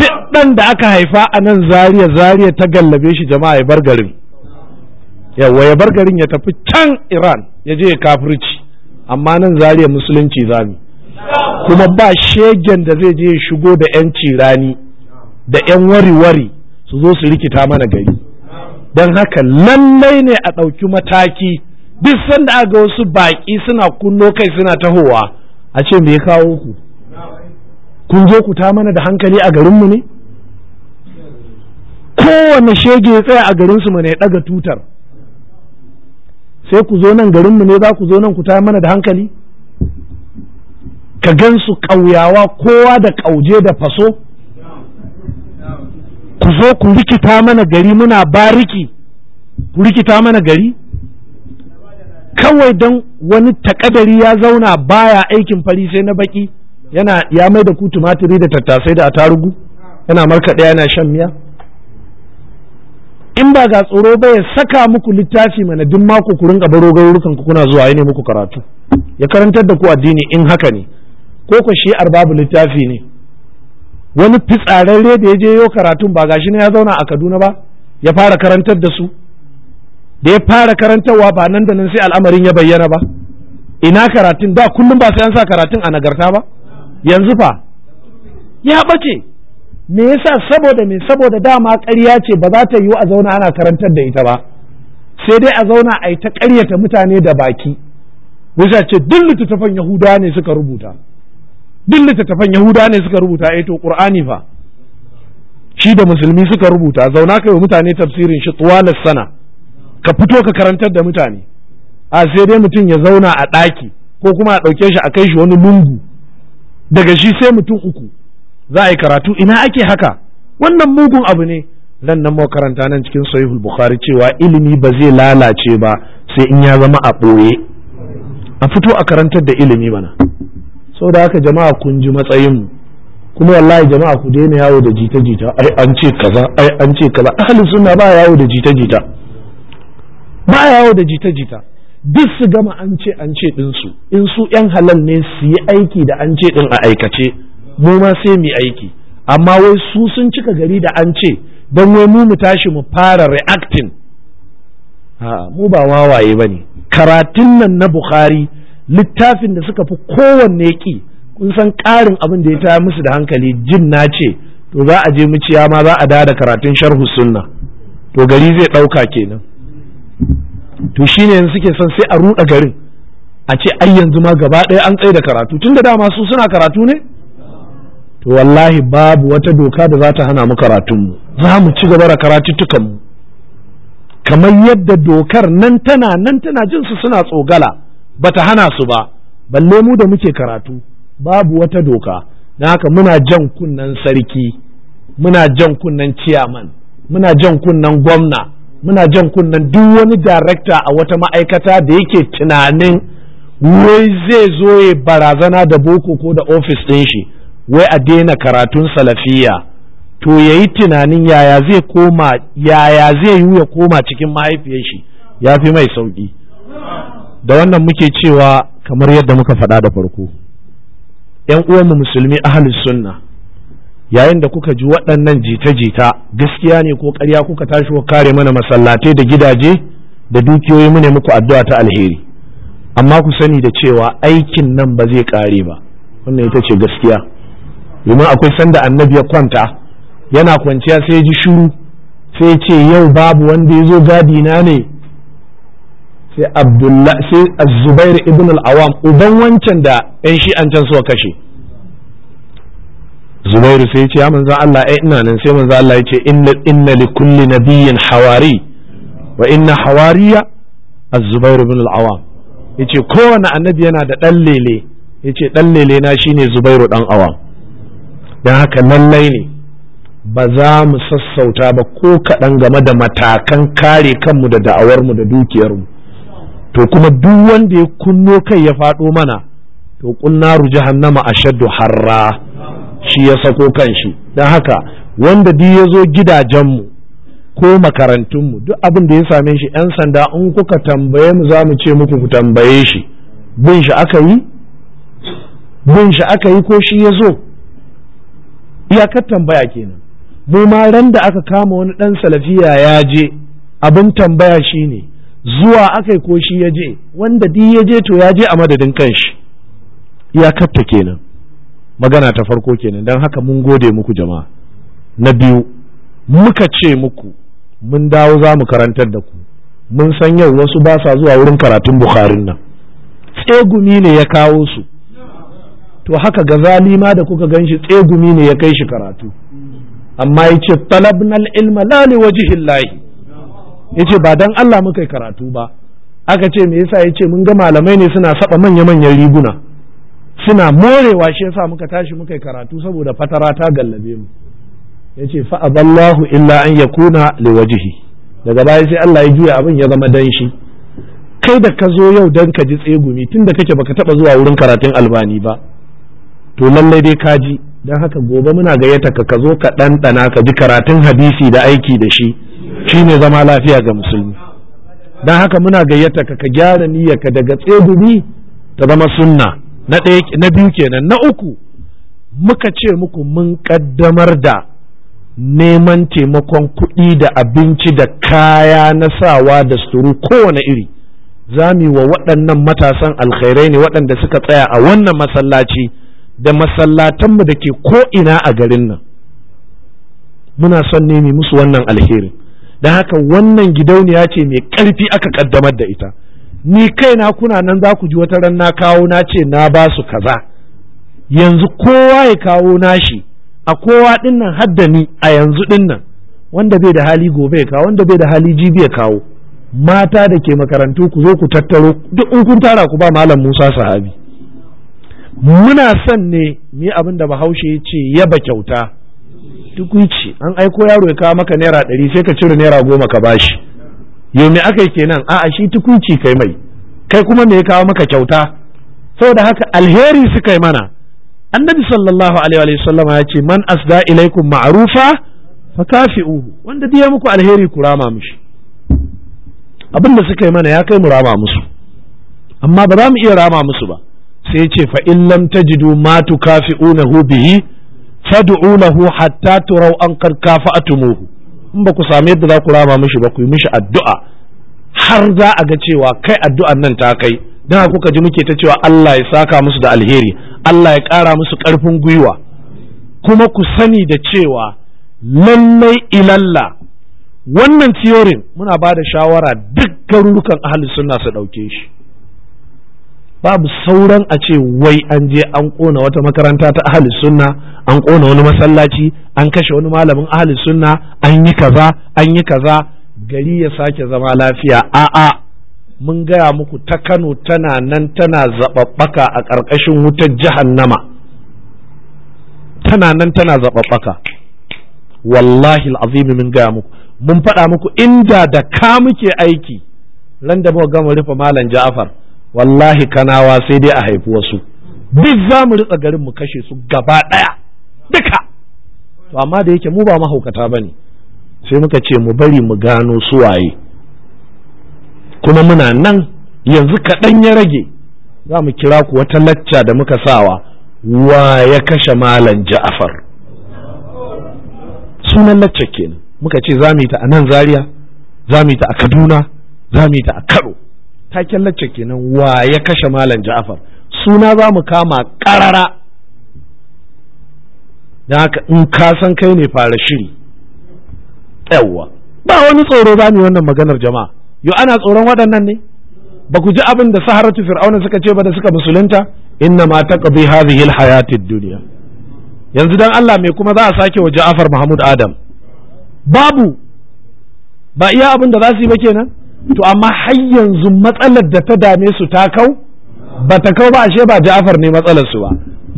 duk dan da aka haifa a nan zariya zariya ta gallabe shi jama'a ya bar garin yawa ya bar garin ya tafi can iran ya je ya kafirci amma nan zariya musulunci zami kuma ba shegen da zai je ya shigo da 'yan cirani da 'yan wari-wari su zo su rikita mana gari don haka lallai ne a ɗauki mataki duk sanda a ga wasu baƙi suna kunno kai suna tahowa a ce me ya kawo ku kun zo ku ta mana da hankali a garinmu ne kowane shege ya tsaya a garinsu mana ya ɗaga tutar sai ku zo nan garinmu ne za ku zo nan ku tayar mana da hankali ka gan su ƙauyawa kowa da ƙauje da faso ku zo ku rikita mana gari muna bariki ku rikita mana gari kawai don wani takadari ya zauna baya aikin fari sai na baki yana ya mai da ku tumatiri da tattasai da atarugu yana markaɗe yana shan miya in ba ga tsoro ba ya saka muku littafi mana duk mako ku rinka baro garurukan ku kuna zuwa ne muku karatu ya karantar da ku addini in haka ne ko ku shi babu littafi ne wani fitsararre da ya je yo karatun ba gashi ne ya zauna a Kaduna ba ya fara karantar da su da ya fara karantarwa ba nan da nan sai al'amarin ya bayyana ba ina karatun da kullum ba sai an sa karatun a nagarta ba yanzu fa ya bace me yasa saboda me saboda dama ƙarya ce ba za ta yiwu a zauna ana karantar da ita ba sai dai a zauna a yi ta ƙaryata mutane da baki wusa ce duk littattafan yahuda ne suka rubuta duk littattafan yahuda ne suka rubuta eh to qur'ani fa shi da musulmi suka rubuta zauna kai wa mutane tafsirin shi tuwalas sana ka fito ka karantar da mutane a sai dai mutum ya zauna a ɗaki ko kuma a ɗauke shi a kai shi wani lungu daga shi sai mutum uku za a yi karatu ina ake haka wannan mugun abu ne dan nan makaranta nan cikin sahihul bukhari cewa ilimi ba zai lalace ba sai in ya zama a ɓoye a fito a karantar da ilimi sau da haka jama'a kun ji matsayin mu kuma wallahi jama'a ku daina yawo da jita-jita ai an ce kaza ai an ce kaza ahli sunna ba yawo da jita-jita ba yawo da jita-jita duk su gama an ce an ce din su in su yan halal ne su yi aiki da an ce din a aikace mu ma sai mu aiki amma wai su sun cika gari da an ce don wai mu mu tashi mu fara reacting a'a mu ba wawaye bane karatun nan na bukhari littafin da suka fi kowanne ki kun san ƙarin abin da ya taya musu da hankali jin na ce to za a je ciya ma za a da da karatun sharhu sunna to gari zai ɗauka kenan to shine yanzu suke son sai a ruɗa garin a ce ai yanzu ma gaba ɗaya an tsaye da karatu tun dama su suna karatu ne to wallahi babu wata doka da za ta hana mu karatunmu za mu ci gaba da karatuttukanmu kamar yadda dokar nan tana nan tana jin su suna tsogala ba ta hana su ba balle mu da muke karatu babu wata doka don haka muna jan kunnen sarki muna jan kunnen ciyaman muna jan kunnen gwamna muna jan kunnen duk wani darakta a wata ma'aikata da yake tunanin wai zai zo ya barazana da boko ko da ofis ɗin shi wai a daina karatun salafiya to yayi tunanin yaya zai koma yaya zai yi ya koma cikin mahaifiyar shi ya fi mai sauƙi. da wannan muke cewa kamar yadda muka faɗa da farko ‘yan uwanmu musulmi ahalus sunna yayin da kuka ji waɗannan jita-jita gaskiya ne ko ƙarya kuka tashi ko kare mana masallatai da gidaje da dukiyoyi mu muku addu'a ta alheri amma ku sani da cewa aikin nan ba zai ƙare ba wannan ita ce gaskiya domin akwai sanda annabi ya kwanta yana kwanciya sai ya ji shuru sai ce yau babu wanda ya zo gadina ne sai abdullahi sai zubair ibn al-awam uban wancan da yan shi an can suka kashe zubairu sai ce ya manzo Allah ai eh, ina nan sai manzo Allah ya ce inna inna li kulli nabiyyin hawari wa inna hawariya az-zubair ibn al-awam yace kowane annabi yana da dan lele yace dan lele na shine zubairu dan awam don haka lallai ne ba za mu sassauta ba ko kaɗan game da matakan kare kanmu da da'awarmu da dukiyarmu to kuma duk wanda ya kunno kai ya faɗo mana to kunnaru a shaddu harra shi ya sako kanshi don haka wanda duk ya zo gidajenmu ko makarantunmu duk abin da ya same shi 'yan sanda in kuka tambaye mu za mu ce muku ku tambaye shi bin shi aka yi ko shi ya zo iyakar tambaya kenan mu ma ran da aka kama wani dan salafiya ya je abin tambaya shine zuwa akai ko shi ya je wanda duk ya je to ya je a madadin kanshi iyakar ta kenan magana ta farko kenan dan haka mun gode muku jama'a na biyu muka ce muku mun dawo za mu karantar da ku mun san yau wasu ba sa zuwa wurin karatun bukharin nan tsegumi ne ya kawo su to haka gazali ma da kuka ganshi tsegumi ne ya kai shi karatu amma ya ce talabnal ilma la li wajhillahi yace ba dan Allah muka karatu ba aka ce me yasa ya ce mun ga malamai ne suna saba manya manyan riguna suna morewa shi yasa muka tashi muka karatu saboda fatara ta gallabe mu yace fa aballahu illa an yakuna li wajhi daga baya sai Allah ya juya abin ya zama danshi kai da ka zo yau dan ka ji tsegumi tunda kake baka taba zuwa wurin karatun albani ba to lallai dai kaji don haka gobe muna gayyata ka ka zo ka ɗanɗana ka ji karatun hadisi da aiki da shi shi shine zama lafiya ga musulmi don haka muna gayyata ka ka gyara niyyarka daga tsegumi ta zama sunna na biyu kenan na uku muka ce muku mun ƙaddamar da neman taimakon kuɗi da abinci da kaya na sawa da suturu kowane iri za mu yi wa waɗannan matasan alkhairai ne waɗanda suka tsaya a wannan masallaci da masallatanmu da ke ko'ina a garin nan muna son ne musu wannan alherin da haka wannan gidauniya ce mai ƙarfi aka ƙaddamar da ita ni kai kaina kuna nan za ku ji wata ran na kawo na ce na ba su kaza yanzu kowa ya kawo nashi a kowa dinnan hadda ni a yanzu dinnan wanda bai da hali gobe ya kawo wanda bai da hali jibi ya kawo mata da ke makarantu ku zo ku tattaro duk in kun tara ku ba malam Musa sahabi muna son ne mu abin da bahaushe ya ce yaba kyauta tukuici an aiko yaro ya kawo maka naira ɗari sai ka cire naira goma ka bashi yau me aka yi kenan a'a shi tukunci kai mai kai kuma me ya kawo maka kyauta saboda haka alheri su kai mana annabi sallallahu alaihi wa sallama ya ce man asda ilaikum ma'arufa fa kafi'uhu wanda diya muku alheri ku rama mishi abin da suka mana ya kai mu rama musu amma ba za mu iya rama musu ba sai ce fa in lam tajidu ma tukafi'unahu bihi fad'unahu hatta turaw an qad kafa'tumuhu in ba ku same yadda za ku rama mishi ba ku yi mishi addu'a har za a ga cewa kai addu'an nan ta kai dan kuka ji muke ta cewa Allah ya saka musu da alheri Allah ya ƙara musu ƙarfin gwiwa kuma ku sani da cewa lallai ilalla wannan tiyorin muna ba da shawara duk garurukan ahli sunna su ɗauke shi babu sauran a ce wai an je an ƙona wata makaranta ta ahli sunna an kona wani masallaci an kashe wani malamin ahli sunna an yi kaza an yi kaza gari ya sake zama lafiya a'a mun gaya muku ta Kano tana nan tana zaɓaɓɓaka a ƙarƙashin wutar jahannama tana nan tana zaɓaɓɓaka wallahi azimi mun gaya muku mun faɗa muku inda da ka muke aiki ran da muka gama rufe malam Ja'far wallahi kanawa sai dai a haifi wasu duk za mu ritsa garin mu kashe su gaba ɗaya duka to amma da yake mu ba mahaukata ba ne sai muka ce mu bari mu gano su waye kuma muna nan yanzu kaɗan ya rage za mu kira ku wata lacca da muka sawa wa ya kashe malam ja'afar sunan lacca kenan muka ce za mu yi ta a nan zaria za mu yi ta a kaduna za mu yi ta a karo taken lacce kenan wa ya kashe malam ja'afar suna za mu kama karara don haka in ka san kai ne fara shiri yawwa ba wani tsoro ba ni wannan maganar jama'a yo ana tsoron waɗannan ne ba ku ji abin da saharatu fir'auna suka ce ba da suka musulunta inna ma taqbi hadhihi alhayatid dunya yanzu dan Allah me kuma za a sake wa Ja'far Mahmud Adam babu ba iya abin da za su yi ba kenan to amma har yanzu matsalar da ta dame su ta kau ba ta kau ba ashe ba Ja'far ne matsalar su ba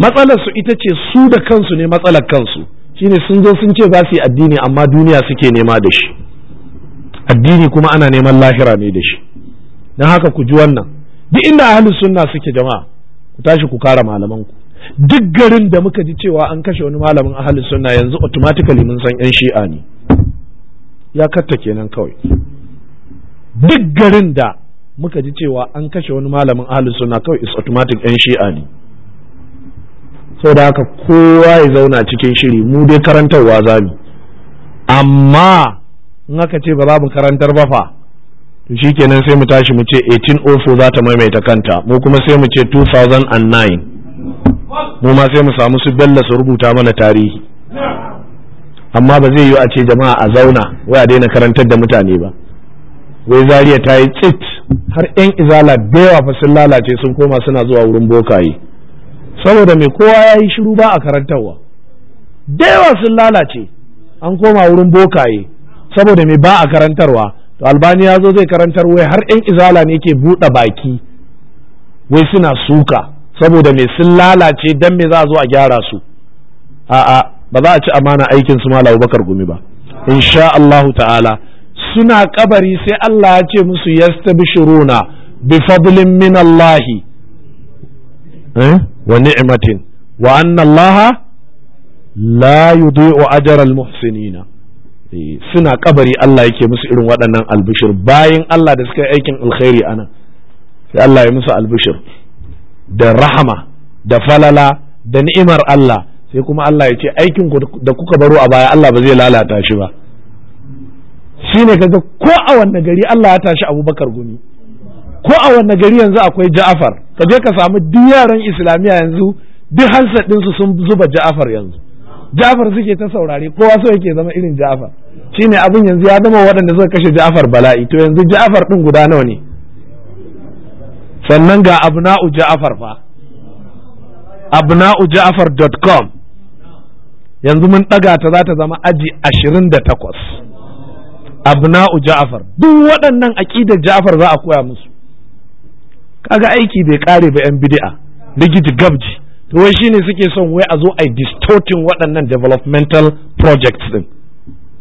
matsalar su ita ce su da kansu ne matsalar kansu shine sun zo sun ce za su yi addini amma duniya suke nema da shi addini kuma ana neman lahira ne da shi dan haka ku ji wannan duk inda ahlus sunna suke jama'a ku tashi ku kara malaman ku duk garin da muka ji cewa an kashe wani malamin ahlus sunna yanzu automatically mun san yan shi'a ne ya katta kenan kawai duk garin da muka ji cewa an kashe wani malamin ahalin suna kawai is automatic ɗan shi'a ne da haka kowa ya zauna cikin shiri mu dai karantarwa za mu amma in aka ce ba za mu karantar ba fa to shikenan sai mu tashi mu ce 1804 za ta maimaita kanta mu kuma sai mu ce 2009 mu ma sai mu samu su bella su rubuta mana tarihi amma ba zai yiwu a ce jama'a a zauna wai a daina karantar da mutane ba wai zariya ta yi tsit har 'yan izala da fa sun lalace sun koma suna zuwa wurin bokaye saboda mai kowa ya yi shiru ba a karantarwa da sun lalace an koma wurin bokaye saboda mai ba a karantarwa to albani ya zo zai karantar wai har 'yan izala ne ke buɗe baki wai suna suka saboda mai sun lalace dan mai za a zo a gyara su a'a ba za a ci amana aikin su malamu bakar gumi ba insha Allahu ta'ala suna kabari sai Allah ya ce musu bishiruna bi fadlin min Allah eh? wa ni'matin wa anna Allah la yudhi'u ajra al-muhsinina eh, suna kabari Allah yake musu irin waɗannan albishir bayan Allah da suka yi aikin alkhairi anan sai Allah ya musu albishir da rahama da falala da ni'imar Allah sai kuma Allah ya ce aikin da kuka baro a baya Allah ba zai lalata shi ba shine kaga ko a wanne gari Allah ya tashi Abubakar gumi ko a wanne gari yanzu akwai Ja'far ka je ka samu duk yaran Islamiya yanzu duk hansa su sun zuba Ja'far yanzu Ja'far suke ta saurare kowa so yake zama irin Ja'far shine abin yanzu ya zama waɗanda suka kashe Ja'far bala'i to yanzu Ja'far ɗin guda nawa ne sannan ga abna'u Ja'far fa abna'u com yanzu mun ɗaga ta za ta zama aji ashirin da takwas abna'u ja'far duk waɗannan aqidar ja'far za a koya musu kaga aiki bai kare ba yan bid'a rigid gabji to wai shine suke son wai a zo a distorting waɗannan developmental projects din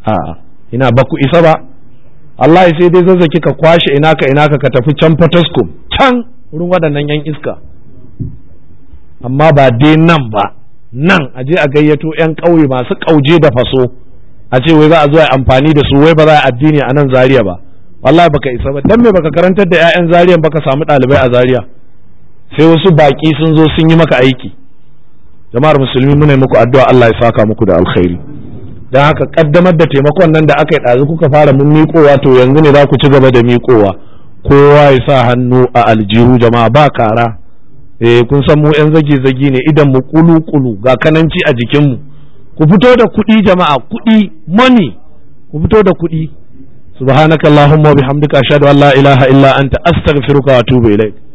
a ina baku isa ba Allah ya sai dai zazzaki ka kwashe ina ka ina ka ka tafi can Potoskum can wurin waɗannan yan iska amma ba dai nan ba nan a je a gayyato yan ƙauye masu ƙauje da faso a ce wai za a zo a amfani da su wai ba za a addini a nan Zariya ba wallahi baka isa ba dan me baka karantar da ƴaƴan zariyan baka samu ɗalibai a Zariya? sai wasu baƙi sun zo sun yi maka aiki jama'ar musulmi muna muku addu'a Allah ya saka muku da alkhairi dan haka kaddamar da taimakon nan da aka yi ɗazu kuka fara mun miƙowa to yanzu ne za ku ci gaba da miƙowa kowa ya sa hannu a aljihu jama'a ba kara eh kun san mu yan zage zagi ne idan mu kulu kulu ga kananci a jikinmu mu ku fito da kuɗi jama'a kuɗi money ku fito da kuɗi subhanakallahumma wa bihamdika ashhadu an la ilaha illa anta astaghfiruka wa atubu ilaik